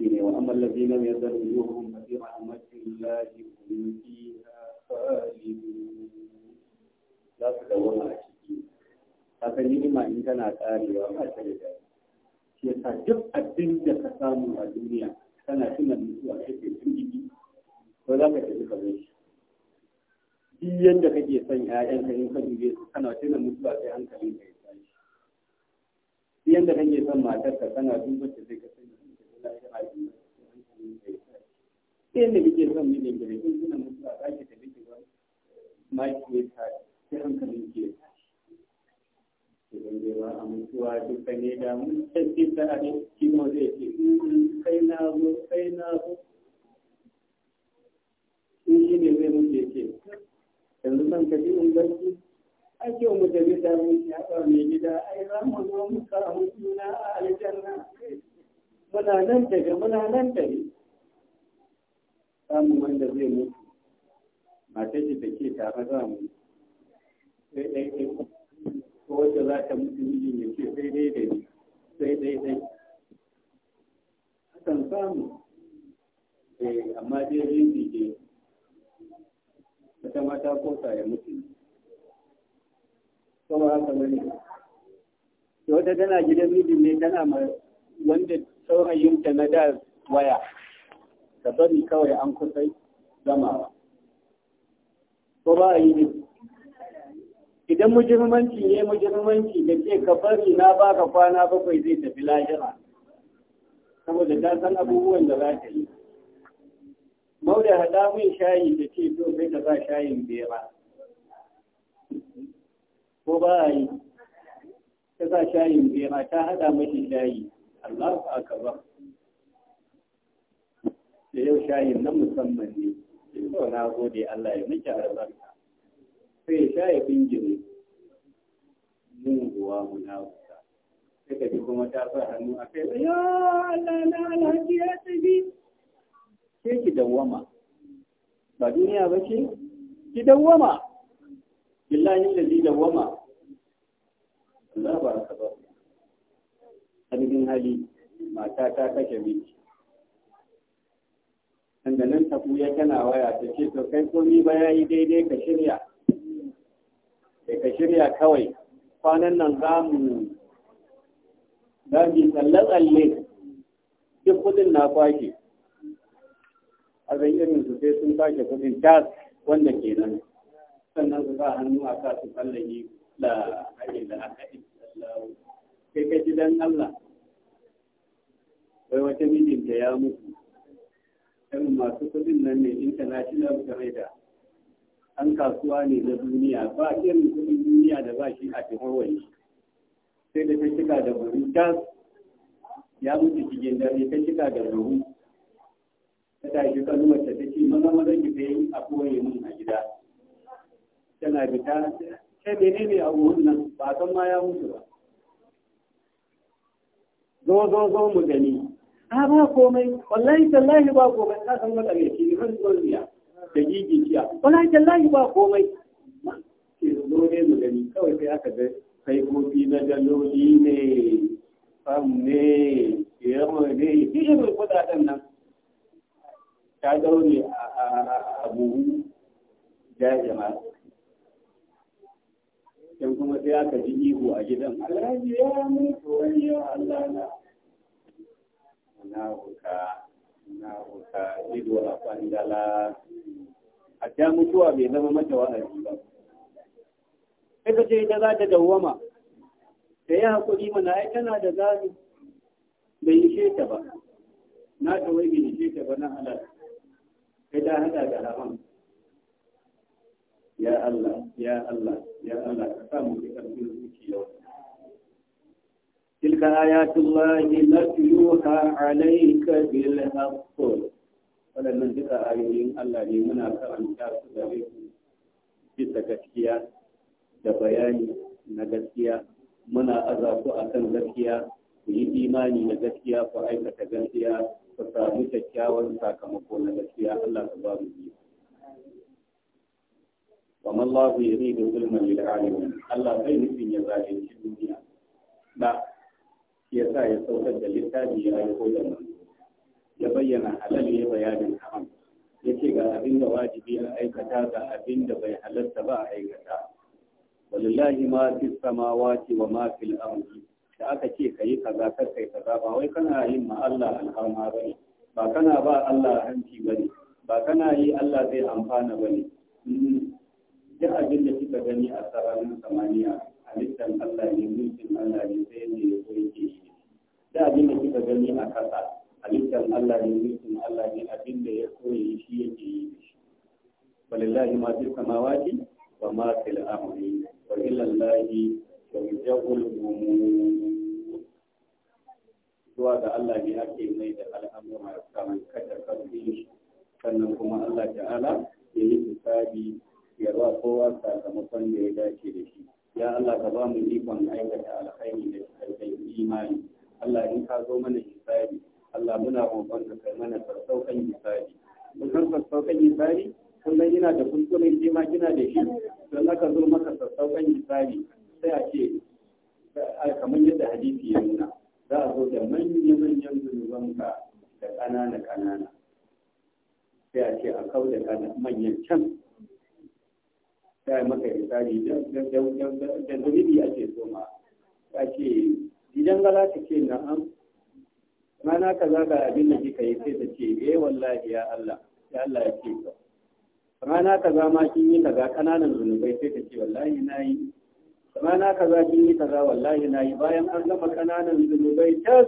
shine wa amma allazina yazdar wujuhum fi rahmatillahi hum fiha khalidun za su dawoma a ciki haka ni'ima in tana karewa ba ta da dadi shi yasa duk abin da ka samu a duniya kana tuna mutuwa kake tun jiki ko za ka tafi kamar shi duk yadda kake son ƴaƴan ka in ka dube su kana tuna mutuwa sai hankalin ka ya tashi duk yadda kake son matar ka kana duba ta sai ka sai da kike son mijin gare kun gina mutu a zaki da kike ba maki ya tashi sai hankalin ke idan dai ba a mutuwa duk da ne da mun sai ta a ne kino zai ce mm, kai na zo kai na zo in shi ne zai mutu ya ce yanzu son ka ji in barci ake mu da bi da mun ya ba mai gida ai za mu zo mu samu juna a aljanna muna nan daga muna nan dare samun wanda zai mutu matar da ke tare za mu sai dai dai ko wacce za ta mutu ni ne ce sai dai dai sai dai dai akan samu eh amma dai rinji dai wata mata kosa ya mutu kuma haka wani wata tana gidan mijin ne tana wanda saurayinta na da waya da bari kawai an kusa zamawa. ko ba a yi ne idan mujirmanci ne mujirmanci da ke ka bari na baka kwana bakwai zai tafi lahira saboda ta san abubuwan da za ta yi mauda hada min shayi da ce to sai ka za shayin bera ko ba a yi ta sa shayin bera ta hada mashi shayi Allahu ba. da yau shayin na musamman ne to na gode Allah ya miki albarka sai shayi bingine na munafuka sai ka ji kuma ta sa hannu a kai ya Allah na alhaji ya tabi sai ki dawwama ba duniya ba ce ki dawwama billahi da dawwama Allah ba ka ba ƙarfin hali mata ta kashe miki sanganin ta kuya tana waya ta ce to kai komi ba ya yi daidai ka shirya sai ka shirya kawai kwanan nan za mu za mu tsalle-tsalle duk kudin na kwashe a zan irin su sai sun kwashe kudin tas wanda ke nan sannan su ba hannu a sa su tsallake da hajji da aka yi tsallawo kai ka ji dan Allah wai wata mijinta ya mutu irin masu kudin nan ne international trader an kasuwa ne na duniya ba irin kudin duniya da ba shi a timarwani sai da ta shiga da buru ta ya mutu cikin dare ta shiga da buru ta tashi kalmarta ta ce mana maza ki ta yi a yi mun a gida tana ta. sai da ne ne a nan ba san ma ya mutu ba zo zo zo mu gani a ba komai wallahi tallahi ba komai ka san maka ne ki ran zuciya da gigiya wallahi tallahi ba komai ke zo ne mu gani kawai sai aka ga kai kofi na daloli ne fam ne yawa ne duk irin kudaden nan ta daure a buhu jajama yan kuma sai aka ji ihu a gidan alhaji ya mutu wani Allah na na'uka ido a kwandala a ta mutuwa bai zama mata wa'azi ba sai ka ce ita za ta dawwama da ya haƙuri mana ai tana da zaru bai yi sheta ba na ta wai bai ishe ba na halal sai ta haɗa da haram ya Allah ya Allah ya Allah ka sa mu ƙarfin zuciya تلك آيات الله نتلوها عليك بالحق waɗannan duka ayoyin Allah ne muna karanta su da bisa gaskiya da bayani na gaskiya muna aza akan a kan gaskiya ku yi imani da gaskiya ku aikata gaskiya ku samu kyakkyawan sakamako na gaskiya Allah ka ba mu biyu wa mallahu yuridu zulman lil alamin Allah bai nufin ya zalunci duniya da Yasa ya saukar da littafi ya yi da ya bayyana halal ya bayanin haram ya ce ga abin da wajibi a aikata ga abin da bai halarta ba a aikata walillahi ma fi samawati wa ma fil ardi da aka ce kai kaza kar kai kaza ba wai kana yin ma Allah alhama bane ba kana ba Allah hanci bane ba kana yi Allah zai amfana bane mm-hmm. duk abin da kika gani a sararin samaniya halittar Allah ne mulkin Allah ne sai yadda ya so yake shi da abin da kika gani a kasa halittar Allah ne mulkin Allah ne abin da ya so yi shi yake yi da shi walillahi ma fi samawati wa ma fil ardi wa ila Allahi yajul umur zuwa ga Allah ne ake mai da al'amura kamar kada shi sannan kuma Allah ta'ala ya yi hisabi ya ba kowa sakamakon da ya dace da shi ya Allah ka ba mu ikon aikata alkhairi da cikakken imani Allah in ka zo mana hisabi Allah muna roƙon ka kai mana sassauƙan hisabi mun san sassauƙan hisabi kullum ina da kuskure ke ma kina da shi don ka zo maka sassauƙan hisabi sai a ce kamar yadda hadisi ya nuna za a zo da manya-manyan ka da ƙanana-ƙanana sai a ce a kau da manyan can sai maka hisabi da zunubi ake soma ta ce gidan gala ta ce na'am rana ka za ga abin da kika yi sai ta ce eh wallahi ya Allah ya Allah ya ce ka rana ka za ma kin yi ga kananan zunubai sai ta ce wallahi na yi rana ka za kin yi ga wallahi na yi bayan an gama kananan zunubai tas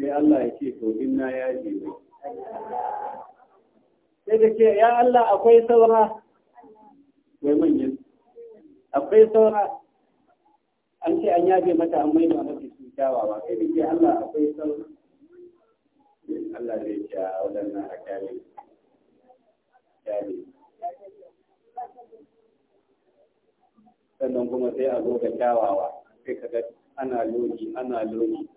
sai Allah ya ce to inna ya yaje mai sai da ke ya Allah akwai saura wai manyan akwai saura an ce an yabe mata an maida mafi cutawa ba kai da ke Allah akwai saura Allah zai ce a waɗannan a kyale kyale sannan kuma sai a zo ga kyawawa sai ka ga ana loji ana loji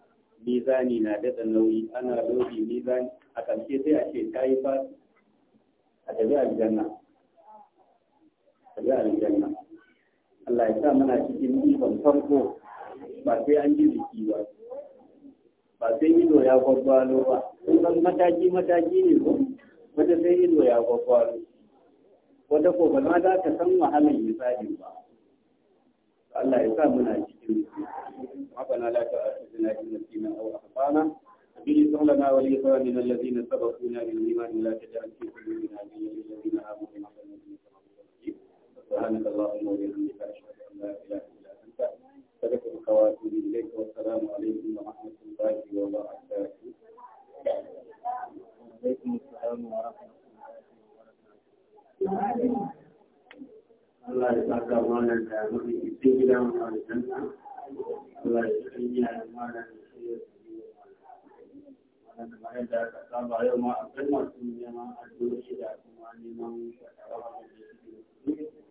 mizani na daɗa nauyi ana loji mizani a ƙarshe sai a ce ta yi ba a tafi nan. ka ji aljanna Allah ya sa mana cikin ikon farko ba sai an ji jiki ba ba sai ido ya gwaggwalo ba san mataki mataki ne ko wata sai ido ya gwaggwalo wata ko ba za ka san wahalar misali ba Allah ya sa muna cikin ربنا لا تؤاخذنا إن نسينا أو أخطأنا به لنا ولإخواننا الذين سبقونا بالإيمان لا تجعل في قلوبنا غلا للذين آمنوا سبحانك اللهم وبحمدك اشهد ان لا اله الا انت استغفرك واتوب اليك والسلام عليكم ورحمه الله وبركاته السلام عليكم ورحمه الله وبركاته الله يبارك فيكم الله يبارك فيكم الله يبارك فيكم الله يبارك فيكم الله يبارك فيكم الله يبارك فيكم الله يبارك فيكم الله يبارك فيكم الله يبارك فيكم الله يبارك فيكم الله يبارك فيكم الله يبارك فيكم الله يبارك فيكم الله يبارك فيكم الله يبارك فيكم الله يبارك فيكم الله يبارك فيكم الله يبارك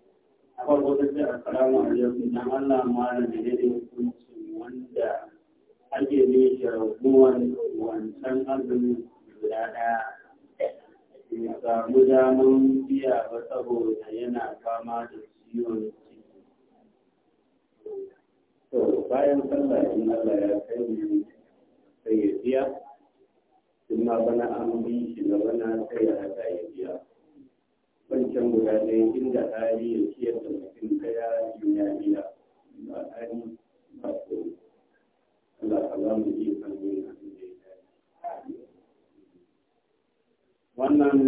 a farko ta ce assalamu alaikum dan Allah malam ne ne hukuncin wanda ake ne shi ruwan wancan azumin guda ɗaya ya samu daman biya ba saboda yana fama da ciwon ciki. To bayan sallah in Allah ya kai mu sai ya biya, in ma bana an bi shi na bana sai ya haɗa ya biya. wancan guda ɗaya inda hali ya ciyar da mutum ɗaya biyu ya biya ba hali ba ko Allah ka ba mu yi ya a cikin wannan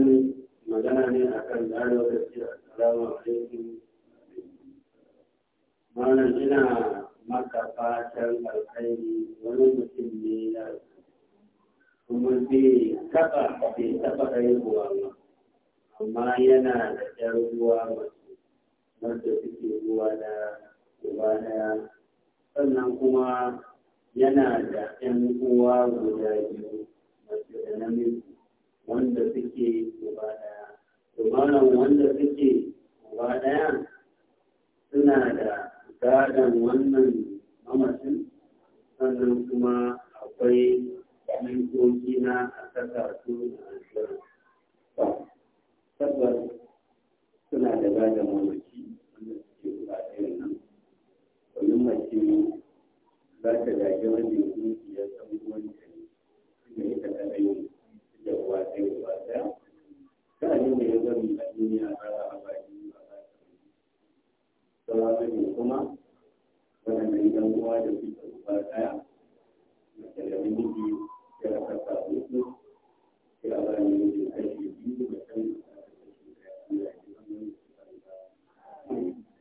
magana ne a kan tsarin gaskiya salamu alaikum malam ina maka fatan alkhairi wani mutum ne ya kuma bai taɓa bai taɓa haihuwa ba amma yana da ƴar ruwa masu wanda suke ruwa da uba ɗaya sannan kuma yana da ɗan uwa guda biyu masu da namiji wanda suke uba ɗaya tumanan wanda suke uba ɗaya suna da gadon wannan mamacin sannan kuma akwai mintoci na a saka su a shirin. tabbas suna da ba da mamaki wanda suke bukata yin nan domin mace za ta gaji wanda ya kungiya san uwanta ne tunda ita ta ɗaya da uwa ɗaya uwa ɗaya ta ne da ya zama a duniya ba a baki ba za ta wani sauran kuma waɗannan ɗan uwa da suke uba ɗaya mace da namiji ya rasa sa uku sai a ba namijin kashi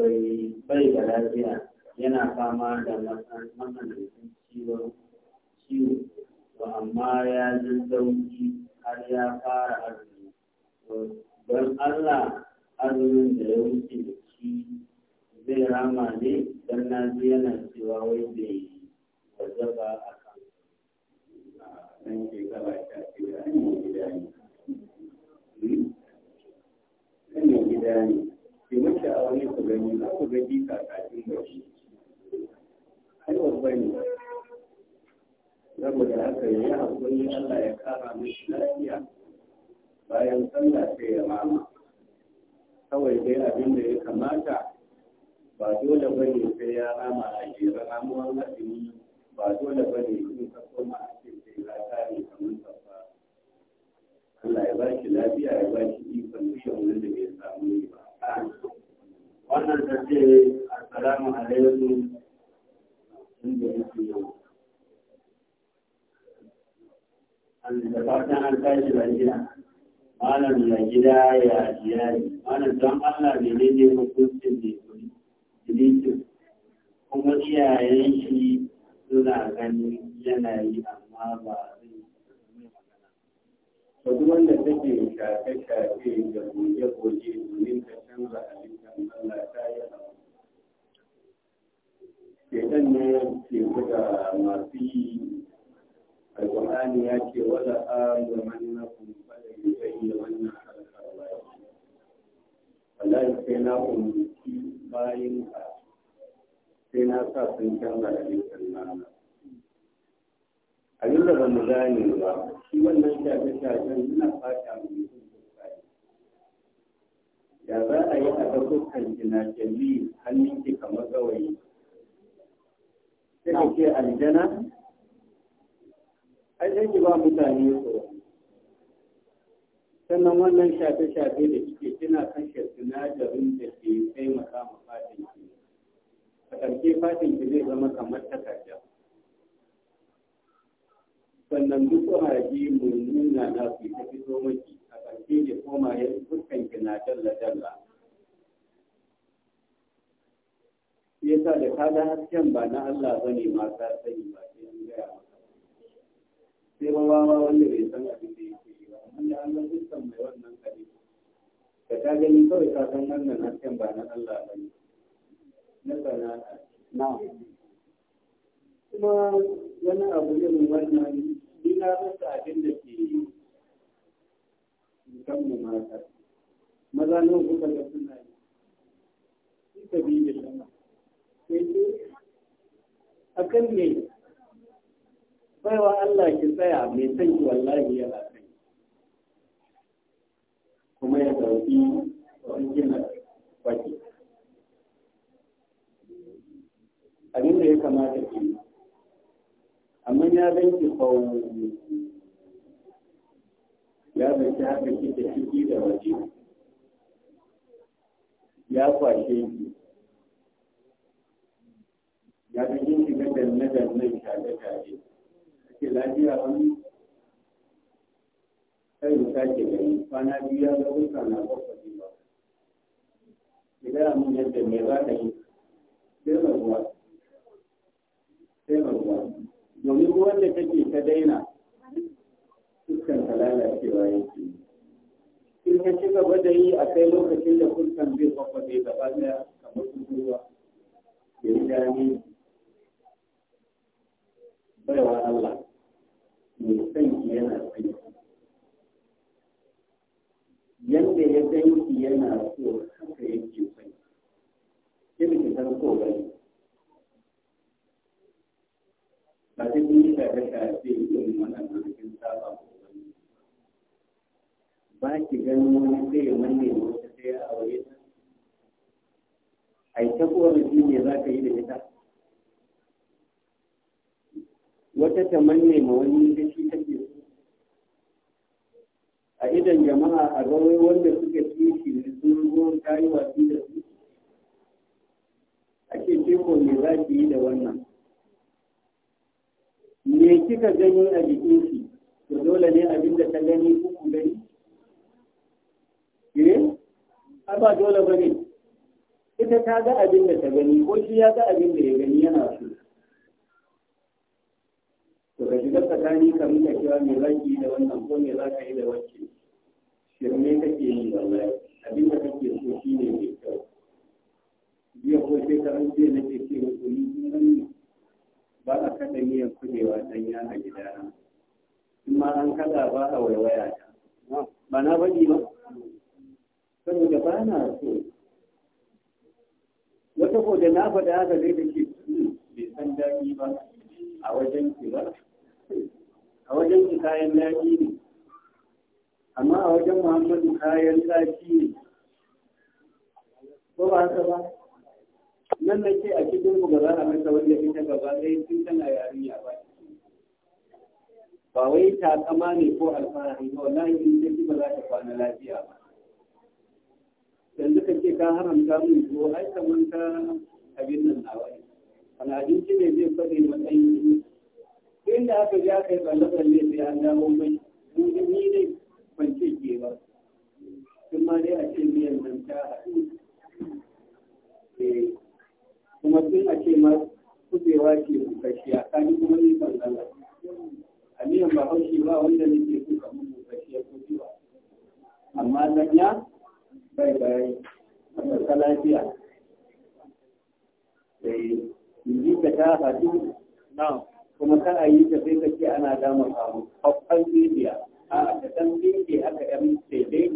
bai bai da lafiya yana fama da matsanancin ciwon ciwo to amma ya ji sauki har ya fara azumi don Allah azumin da ya wuce da shi zai rama ne don na ji yana cewa wai bai wajaba a kan ɗan shekara ke mace a wani ku gani za ku gani kakakin gashi har babba ne saboda haka ya yi haƙuri Allah ya kara mashi lafiya bayan sallah sai ya mama kawai dai abin da ya kamata ba dole ba ne sai ya rama a jera ramuwar azumi ba dole ba ne in ka koma a cikin sai ya kare kamar sabba Allah ya ba shi lafiya ya ba shi ikon biyan wanda bai samu ba wannan ta ce assalamu alaikum inda yake yau da fatan an tashi lafiya malam ya gida ya iyali malam don Allah ne ne ne hukuncin ne kuri kuma iyayen shi suna ganin yanayi amma ba to duk wanda take shafe-shafe da goge-goge domin ta canza halittar Allah ta yi abu. Shekan ne ke buga masu yi Al-Qur'ani ya ce wala alu man na kumfa da yi wannan harkar bayan. Wallahi sai na kumfi bayan ka sai na sa sun canza halittar Allah. abin da ba gane ba shi wannan shafe-shafen yana fata mu yi da za a yi a ga dukkan jinajenni hannun ki kamar gawayi sai ke ce aljana ai sai ki ba mutane tsoro sannan wannan shafe-shafe da kike kina kashe sinadarin da ke taimaka ma fatin ki a ƙarshe fatin ki zai zama kamar takarda sannan duk mun mummuna na su ta fito maki a ƙarshe da koma ya fuskan ki na dalla dalla shi sa da kada hasken ba na Allah bane ma ka sani ba sai an gaya maka sai ba wawa wanda bai san abin da yake yi ba amma da Allah dukkan mai wannan kare da ta gani kawai ka san wannan hasken ba na Allah ne. na sana'a na. kuma wani abu irin wannan ni na rasa abin da ke kan mu mata maza nawa kuka ga suna yi shi ta bi da lama sai ce a kan ne baiwa Allah ki tsaya mai san ki wallahi ya kai kuma ya dauki wani gina baki abin da ya kamata ke yi amma ya ganki kawo ya zaki haka kike ciki da waje ya kwashe ki ya ga kin shiga danne danne shaje shaje kake lafiya wani sai mu sake gani kwana biyu ya ga kuka na kwakwace ba ki gaya min yadda me za ka yi sai ruwa sai ruwa domin wanda da kake ta daina fuskan ta lalacewa yake in ka ci gaba da yi a kai lokacin da fuskan zai kwakwabe gaba daya kamar kusurwa ya yi dami baiwa Allah mai son ki yana son Yanda ya ganki yana so haka yake son ki ki san ko gani ba ta yi shafe-shafe irin wannan saba ko wani ba ki ganin wani sai ya manne wata sai ya aure ta a ita korafi ne za ka yi da ita wata ta manne ma wani da shi take a idan jama'a a gawai wanda suka ci shi sun zo ta yi watsi da su ake ce ko me za ki yi da wannan me kika gani a jikin shi to dole ne abin da ta gani kuku gani eh ba dole ba ne ita ta ga abin da ta gani ko shi ya ga abin da ya gani yana so to ka shiga tsakani ka muka cewa me za ki yi da wannan ko me za ka yi da wacce shirme kake yi wallahi abin da kake so shi ne mai kyau jiya ko sai na ke nake ce musu ni kun gani ba a kada miyan kujewa dan yana gida gidana in ma an kada ba a waiwaya ta ba na bari ba saboda ba na so wata ko da na faɗa haka zai da ke hmm, bai san daɗi ba a wajen ki ba a wajen ki kayan daɗi ne amma a wajen muhammadu kayan zafi ne ko ba haka ba nan na ke a cikin ku ba za a mata wanda ita gaba ɗaya tun tana yarinya ba ba wai kama ne ko alfahari ba wallahi in ta ba za ta kwana lafiya ba yanzu ka ce ka haramta min ko ai kamar ka abin nan na wani wani abinci ne zai faɗi matsayin jini sai da aka ja kai balle tsalle sai an dawo mai ni ne ban ce ke ba kuma dai a ce miyan nan ta haɗu eh. kuma sun a ce ma kubewa ke a kani kuma ni ban zala miyan ba haushi ba wanda ne ke kuka mun bukashiya kubewa amma zanya bai bai ka lafiya sai eh, yi ka ta haɗu na kuma kan a yi ta sai ka ce ana dama samu haifar bibiya a ka san media aka yi daidai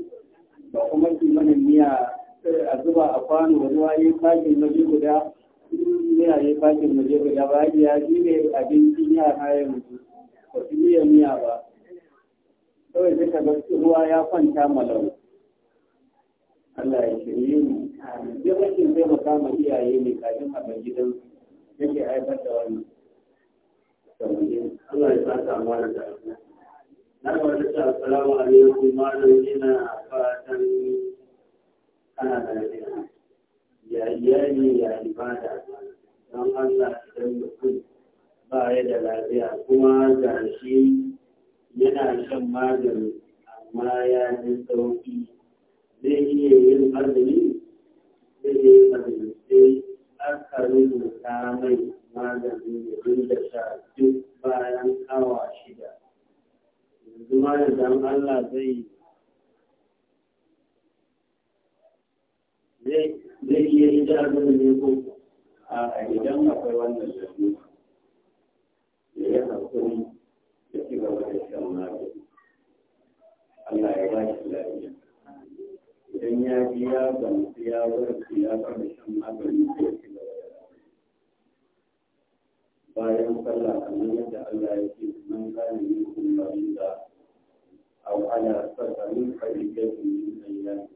ba kuma kimanin miya eh, a zuba a kwano ruwa yi kajin maji guda miya ya fashin muje ga gaba ya shi ne abincin yara yanzu ba su iya miya ba kawai sai ka ga ruwa ya kwanta malam. Allah ya shirye mu ya sai mu kama iyaye ne kafin a ga gidan yake haifar da wannan Allah ya sa ta amana da na wani ta assalamu alaikum malam ina fatan ana da lafiya ya iyali ya ibada don Allah idan mutum ba ya da lafiya kuma ga shi yana shan magani amma ya ji sauki zai iya yin azumi zai yi azumi sai aka rubuta mai magani da rinda sha duk bayan awa shida yanzu ma da Allah zai zai iya yi da abin da ko a idan akwai wannan lalu da ya haƙuri da ci gaba da shan magani Allah ya ba shi lafiya idan ya ji ya gamsu ya warke ya fara shan magani ko ci gaba da bayan sallah kamar yadda Allah ya ce gane man kana minkum marida aw ala safarin fa iddatun min ayyamin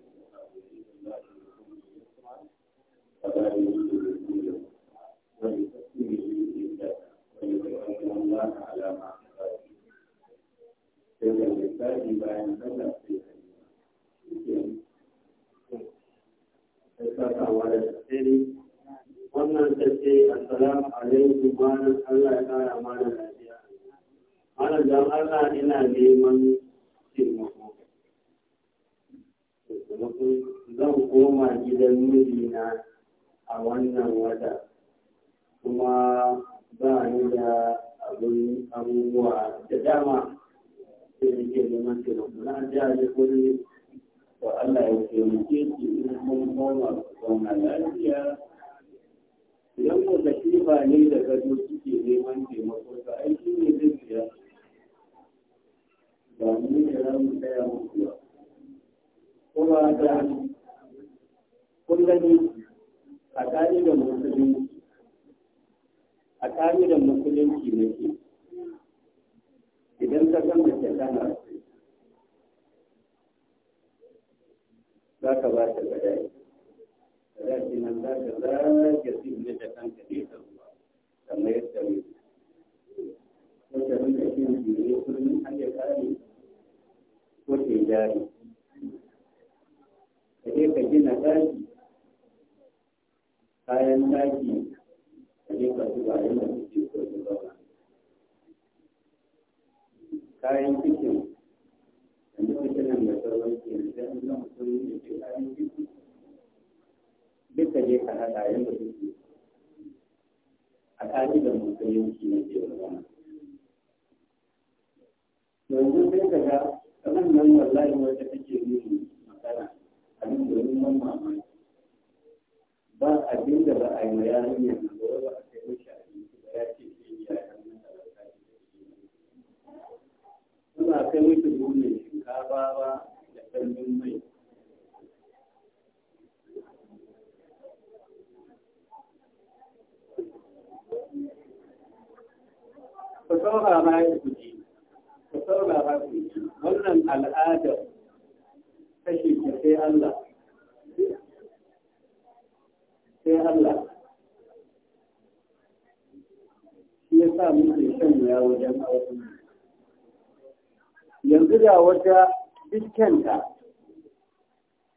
da wata dukkanta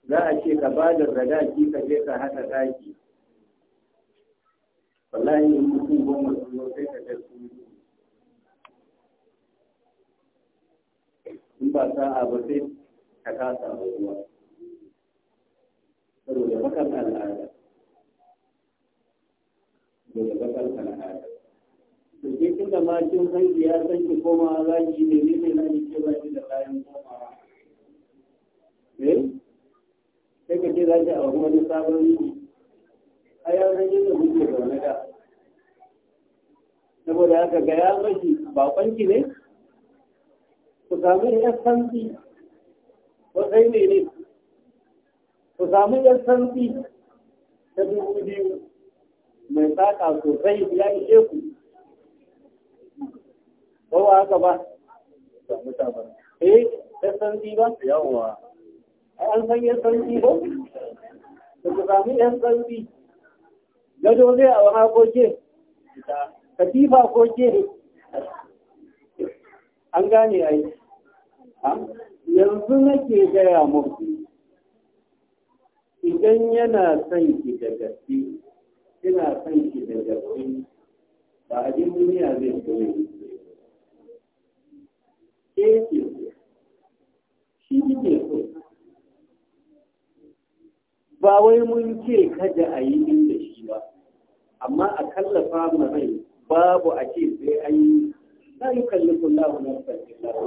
za a ce ka ba da ki ka je ka haɗa daki wallahi in mutum goma sun sai ka ga su in ba sa'a ba sai ka kasa ruwa amma kin ya san ki koma za ki ne ne ne na ki ba shi da kayan komawa eh sai ka ce za ki a wani sabon yi a ya san yin da kuke zaune da saboda haka ga ya mashi bakonki ne ku samu ya ko sai ne ne ku samu ya santi ta dubu biyu mai saƙa sosai ya ishe ku ko ba haka ba eh sai santi ba yawa an san yan santi ba da ku sami yan santi gado zai a wani koke katifa koke an gane ai yanzu nake gaya muku idan yana son ki da gaske kina son ki da gaske ba abin duniya zai koyi ke ba wai mun ce kada a yi da shi ba amma a kallafa ma rai babu a ce sai an yi na yi kallafin lahu na sarki lahu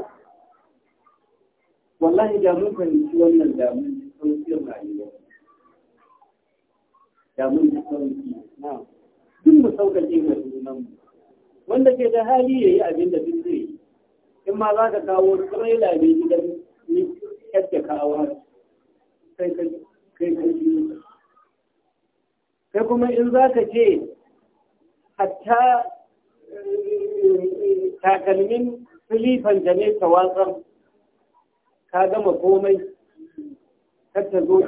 wallahi da mun fahimci wannan da mun ji sauƙin rayuwa da mun ji sauƙi na duk mu sauƙaƙe ga junanmu wanda ke da hali ya yi abin da duk zai yi in ma za ka kawo trailer ne gidan ni yadda ka kai kai kai Sai kuma in za ka ce hatta takalmin filifan da ne ta watsar ka gama komai kar ta zo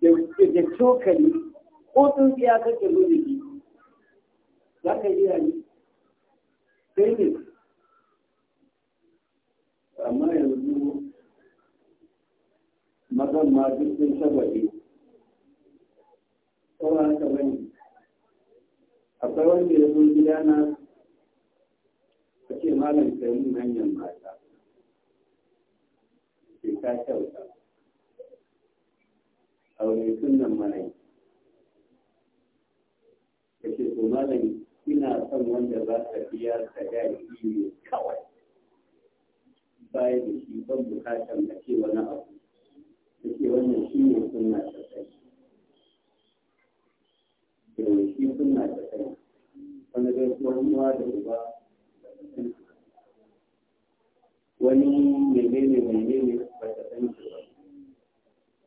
da cokali ko tsuntsiya kar ta zo da za ka iya ne sai ne amma yanzu mazan ma duk sun shabaɗe kowa haka bane akwai wanda ya zo gidana a ce malam sai mun hanyar mata ke ta kyauta a wani sunan marai ya ce to malam ina son wanda za ka biya sadaki ne kawai baya da shi ban bukatan a ce wani abu da ke wannan shi ne suna ta kai da eh, shi suna ta kai wani zai kuma ruwa da uba wani menene menene ba ta san shi ba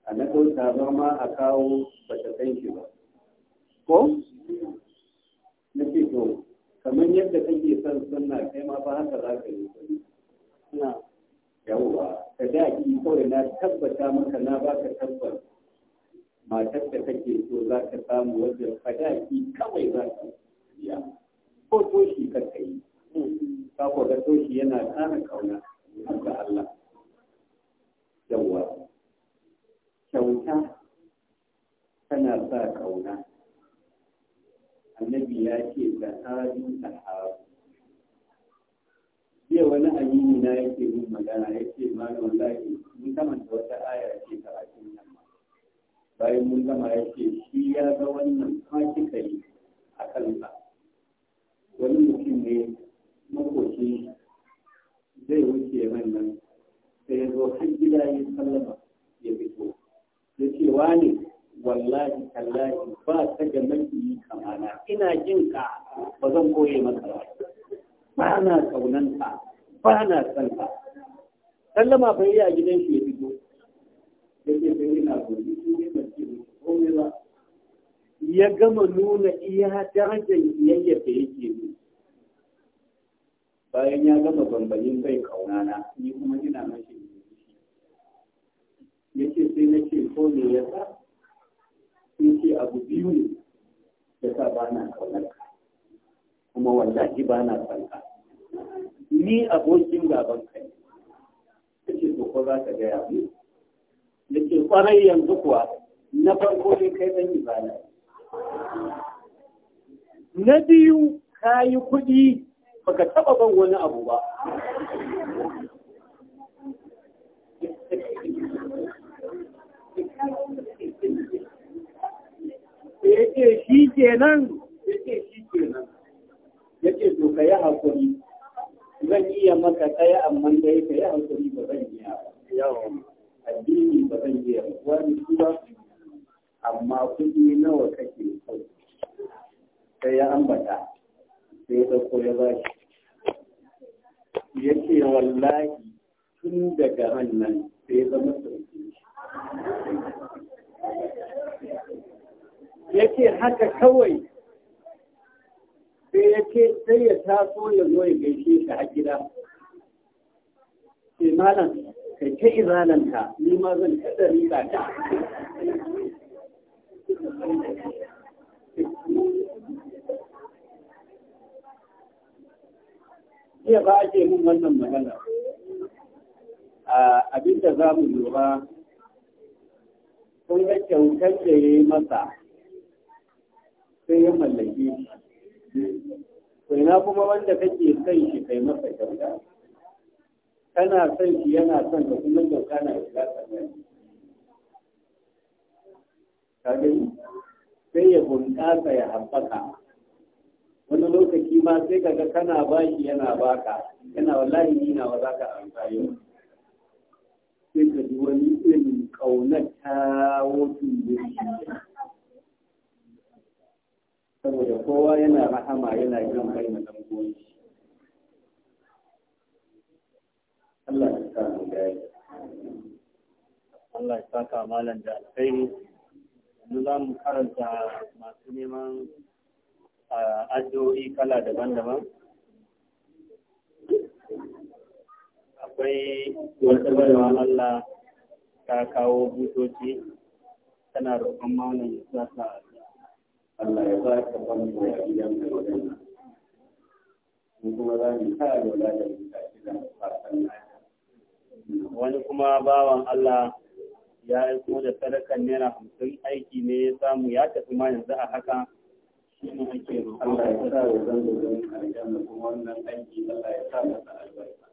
a na kauta ba ma a kawo ba ta san shi ba ko na ce to kamar yadda kake son suna kai ma ba haka za ka yi suna yawwa da daɗi kawai na tabbata maka na baka tabbar, matar da kake so za ka samu wajen fadaki kawai za ka biya ko toshi ka kai ka ko ga toshi yana ƙara kauna ga Allah yawwa kyauta tana sa kauna annabi ya ce da sahabi sahabi jiya wani amini na yake yin magana ya yake malam wallahi mun da wata aya ce karatun nan bayan mun gama ce, shi ya ga wannan ma kika a kansa wani mutum ne makoci zai wuce man nan sai ya zo har gida ya sallama ya fito ya ce wani wallahi tallahi ba ta ga mafi kamana ina jin ka ba zan koye maka ba ba na kaunanta ba na sallama bai yi a gidan shi ya fito ya ce sai na gobe sun yi mace ne komai ba ya gama nuna iya darajar biyayya da yake ne bayan ya gama bambanin bai kaunana ni kuma ina mashi ya ce sai na ce ko ne ya sa sun ce abu biyu ne ya sa ba na kuma wallahi ba na sanka ni abokin gaban kai ce to ko za ka gaya mu yake kwarai yanzu kuwa na farko ne kai dan ibada na biyu ka yi kuɗi baka taɓa ban wani abu ba yake shi kenan yake shi kenan yake to ka yi hakuri zan iya maka ɗaya amma dai ka yi hankali ba zan iya yawan addini ba zan iya wani su ba amma kuɗi nawa kake so sai ya ambata sai ya ɗauko ya ba shi ya wallahi tun daga hannun sai ya zama sauki ya ce haka kawai sai ya ce sai ya taso ya zo ya gaishe shi a gida sai malam kai ta izalanta ni ma zan ta dari ta Jiya ba a ce mun wannan magana. Abinda za mu lura kun ga kyautar da ya yi masa sai ya mallake shi. to ina kuma wanda kake son shi kai masa kyauta kana son shi yana son ka kuma kyauta na shiga ka gani sai ya bunƙasa ya haɓaka wani lokaci ma sai kaga kana ba shi yana baka yana wallahi ni na za ka amfani sai ka ji wani irin ƙaunar ta saboda kowa yana rahama yana jin bai na dan Allah ya sa mu dai Allah ya saka malam da alkhairi yanzu za mu karanta masu neman addu'o'i kala daban-daban akwai wata barewa Allah ta kawo butoci tana roƙon malam ya sa Allah ya ba ka fanko a gidan ka wajen mu kuma za mu ta da wadatar da gidan fatan wani kuma bawan Allah ya aiko da sadakan naira hamsin aiki ne ya samu ya tafi ma yanzu a haka Allah ya sa ya zan da zan aljanna kuma wannan aiki Allah ya sa masa albarka.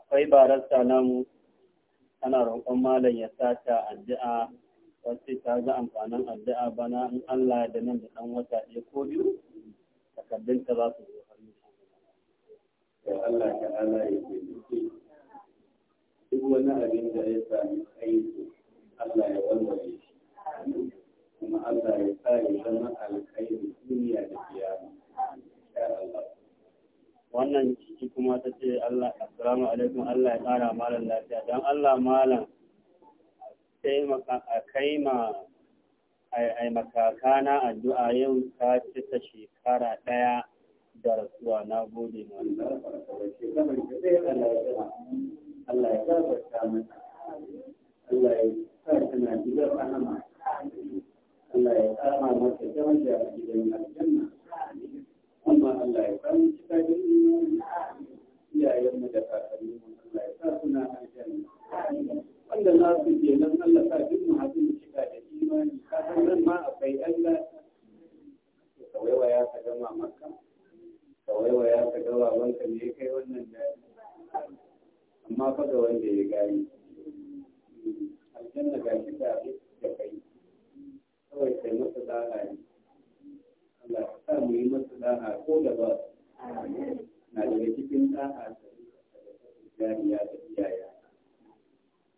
Akwai barasta namu ana roƙon malam ya sata addu'a wacce ta ga amfanin addu'a bana in Allah da nan da ɗan wata ɗaya ko biyu takardunta za su zo hannu. Ya Allah ta Allah ya taimake duk wani abin da ya sami aiki Allah ya warware shi. Kuma Allah ya sa ya zama alkhairi duniya da kiyama. Ya Allah. Wannan ciki kuma ta ce Allah, Assalamu alaikum Allah ya kara malam lafiya, don Allah malam kai ma ai makakana addu'a yau ta cika shekara ɗaya da rasuwa na gode ma Allah ya gafarta mata Allah ya sa tana gidan rahama Allah ya kama mata daraja a gidan aljanna amma Allah ya ba mu cika da iyayenmu da kakanninmu Allah ya sa suna aljanna wanda na su ke nan Allah ka duk mu haɗu mu cika da imani ka san nan ma akwai Allah ka ya ka gama maka, ka ya ka ga wanka ne ya kai wannan daɗi amma fa ga wanda ya gani aljanna ga shi ta da kai kawai sai masa da'a ne Allah ka sa mu yi masa da'a ko da ba na daga cikin da'a da ya da iyaya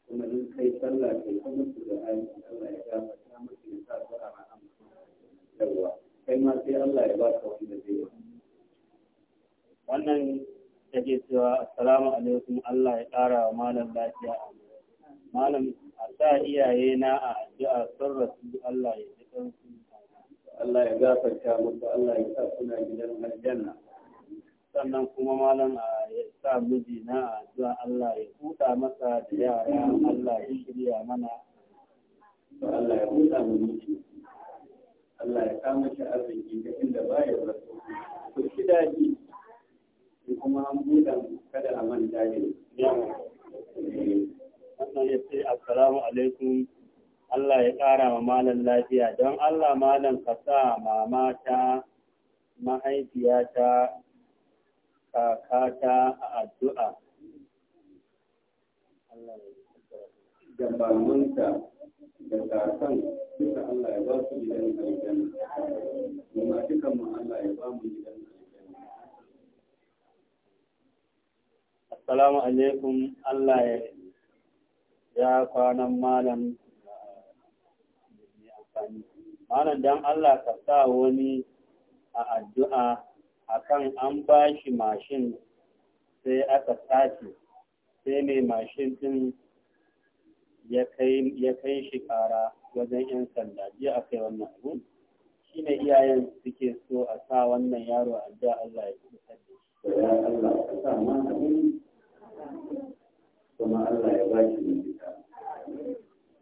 kuma in kai sallah kai ta musu da ayi Allah ya gafarta musu ya sa su a ra'an yawa kai ma sai Allah ya baka wanda zai yi wannan take cewa assalamu alaikum Allah ya ƙara wa malam lafiya malam a sa iyaye na a addu'a sun rasu Allah ya ji kansu Allah ya gafarta musu Allah ya sa suna gidan aljanna sannan kuma malam a ya sa miji na a zuwa Allah ya huta masa da yara Allah ya shirya mana Allah ya huta mu miji Allah ya kama shi arziki da inda ba ya rasu ku shi daji in kuma an buɗe kada a manta ne wannan ya ce assalamu alaikum Allah ya ƙara ma malam lafiya don Allah malam ka sa mama ta mahaifiyata kakata a addu'a da da kakan duka Allah ya ba su gidan aljanna kuma dukan Allah ya ba mu gidan aljanna assalamu alaikum Allah ya ya kwanan malam malam dan Allah ka sa wani a addu'a akan an ba shi mashin sai aka sace sai mai mashin din ya kai shi kara wajen 'yan sanda jiya a kai wannan abu shi ne iyayen suke so a sa wannan yaro a da Allah ya kusa da shi kuma Allah ya ba shi mafita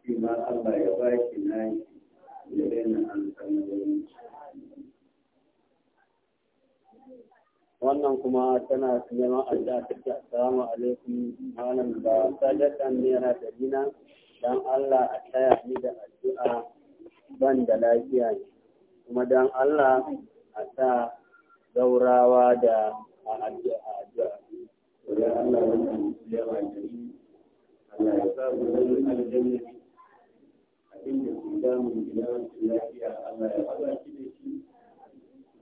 shi ma Allah ya ba shi na shi ya daina an wannan kuma tana neman ta ce assalamu alaikum malam da sadakan ne na na dan Allah a taya ni da addu'a ban da lafiya ne kuma dan Allah a sa gaurawa da a addu'a addu'a Allah da Allah ya sa mu aljanna abin da lafiya Allah ya haɗa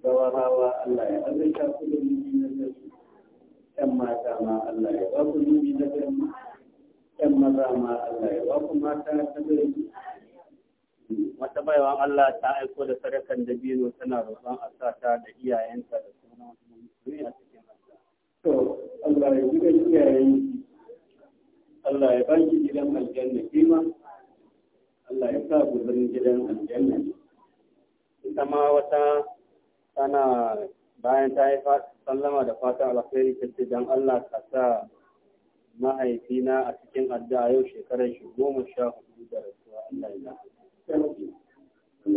zawarawa Allah ya azaita su da miji na gari ‘yan mata ma Allah ya ba ku miji na gari ƴan maza ma Allah ya ba ku mata ta gari wata baiwan Allah ta aiko da sadakan dabino tana roƙon a sa ta da iyayenta da sauran wasu musulmi a cikin rasa. To, Allah ya ji da iyayen Allah ya ba ki gidan aljanna kima, Allah ya sa ku guzurin gidan aljanna. Ita ma wata tana bayan ta yi sallama da fatan alkhairi ta ce don Allah ka sa mahaifina a cikin addu'a yau shekarar shi goma sha hudu da rasuwa Allah ya Allah za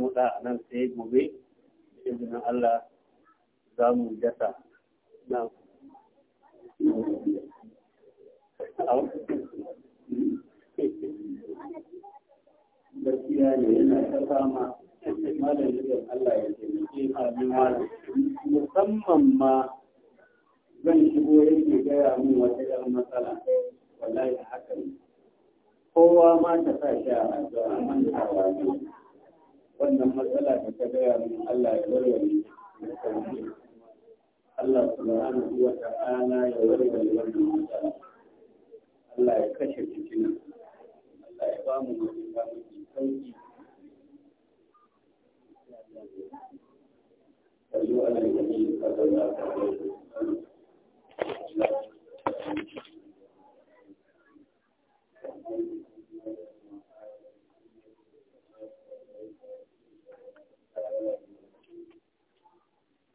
mu da nan sai gobe, izinin Allah za mu jasa. Na'am. gaskiya ne yana ta ya taimake amin musamman ma zan shigo yake gaya min wata yar matsala wallahi haka ne kowa ma ta sa shi a addu'a mantawa ne wannan matsala da ta gaya min Allah ya warware ta Allah subhanahu wa ta'ala ya warga wannan matsala Allah ya kashe fitina Allah ya ba mu mafita mafi sauki Sallu ala nabi sallallahu alaihi wa sallam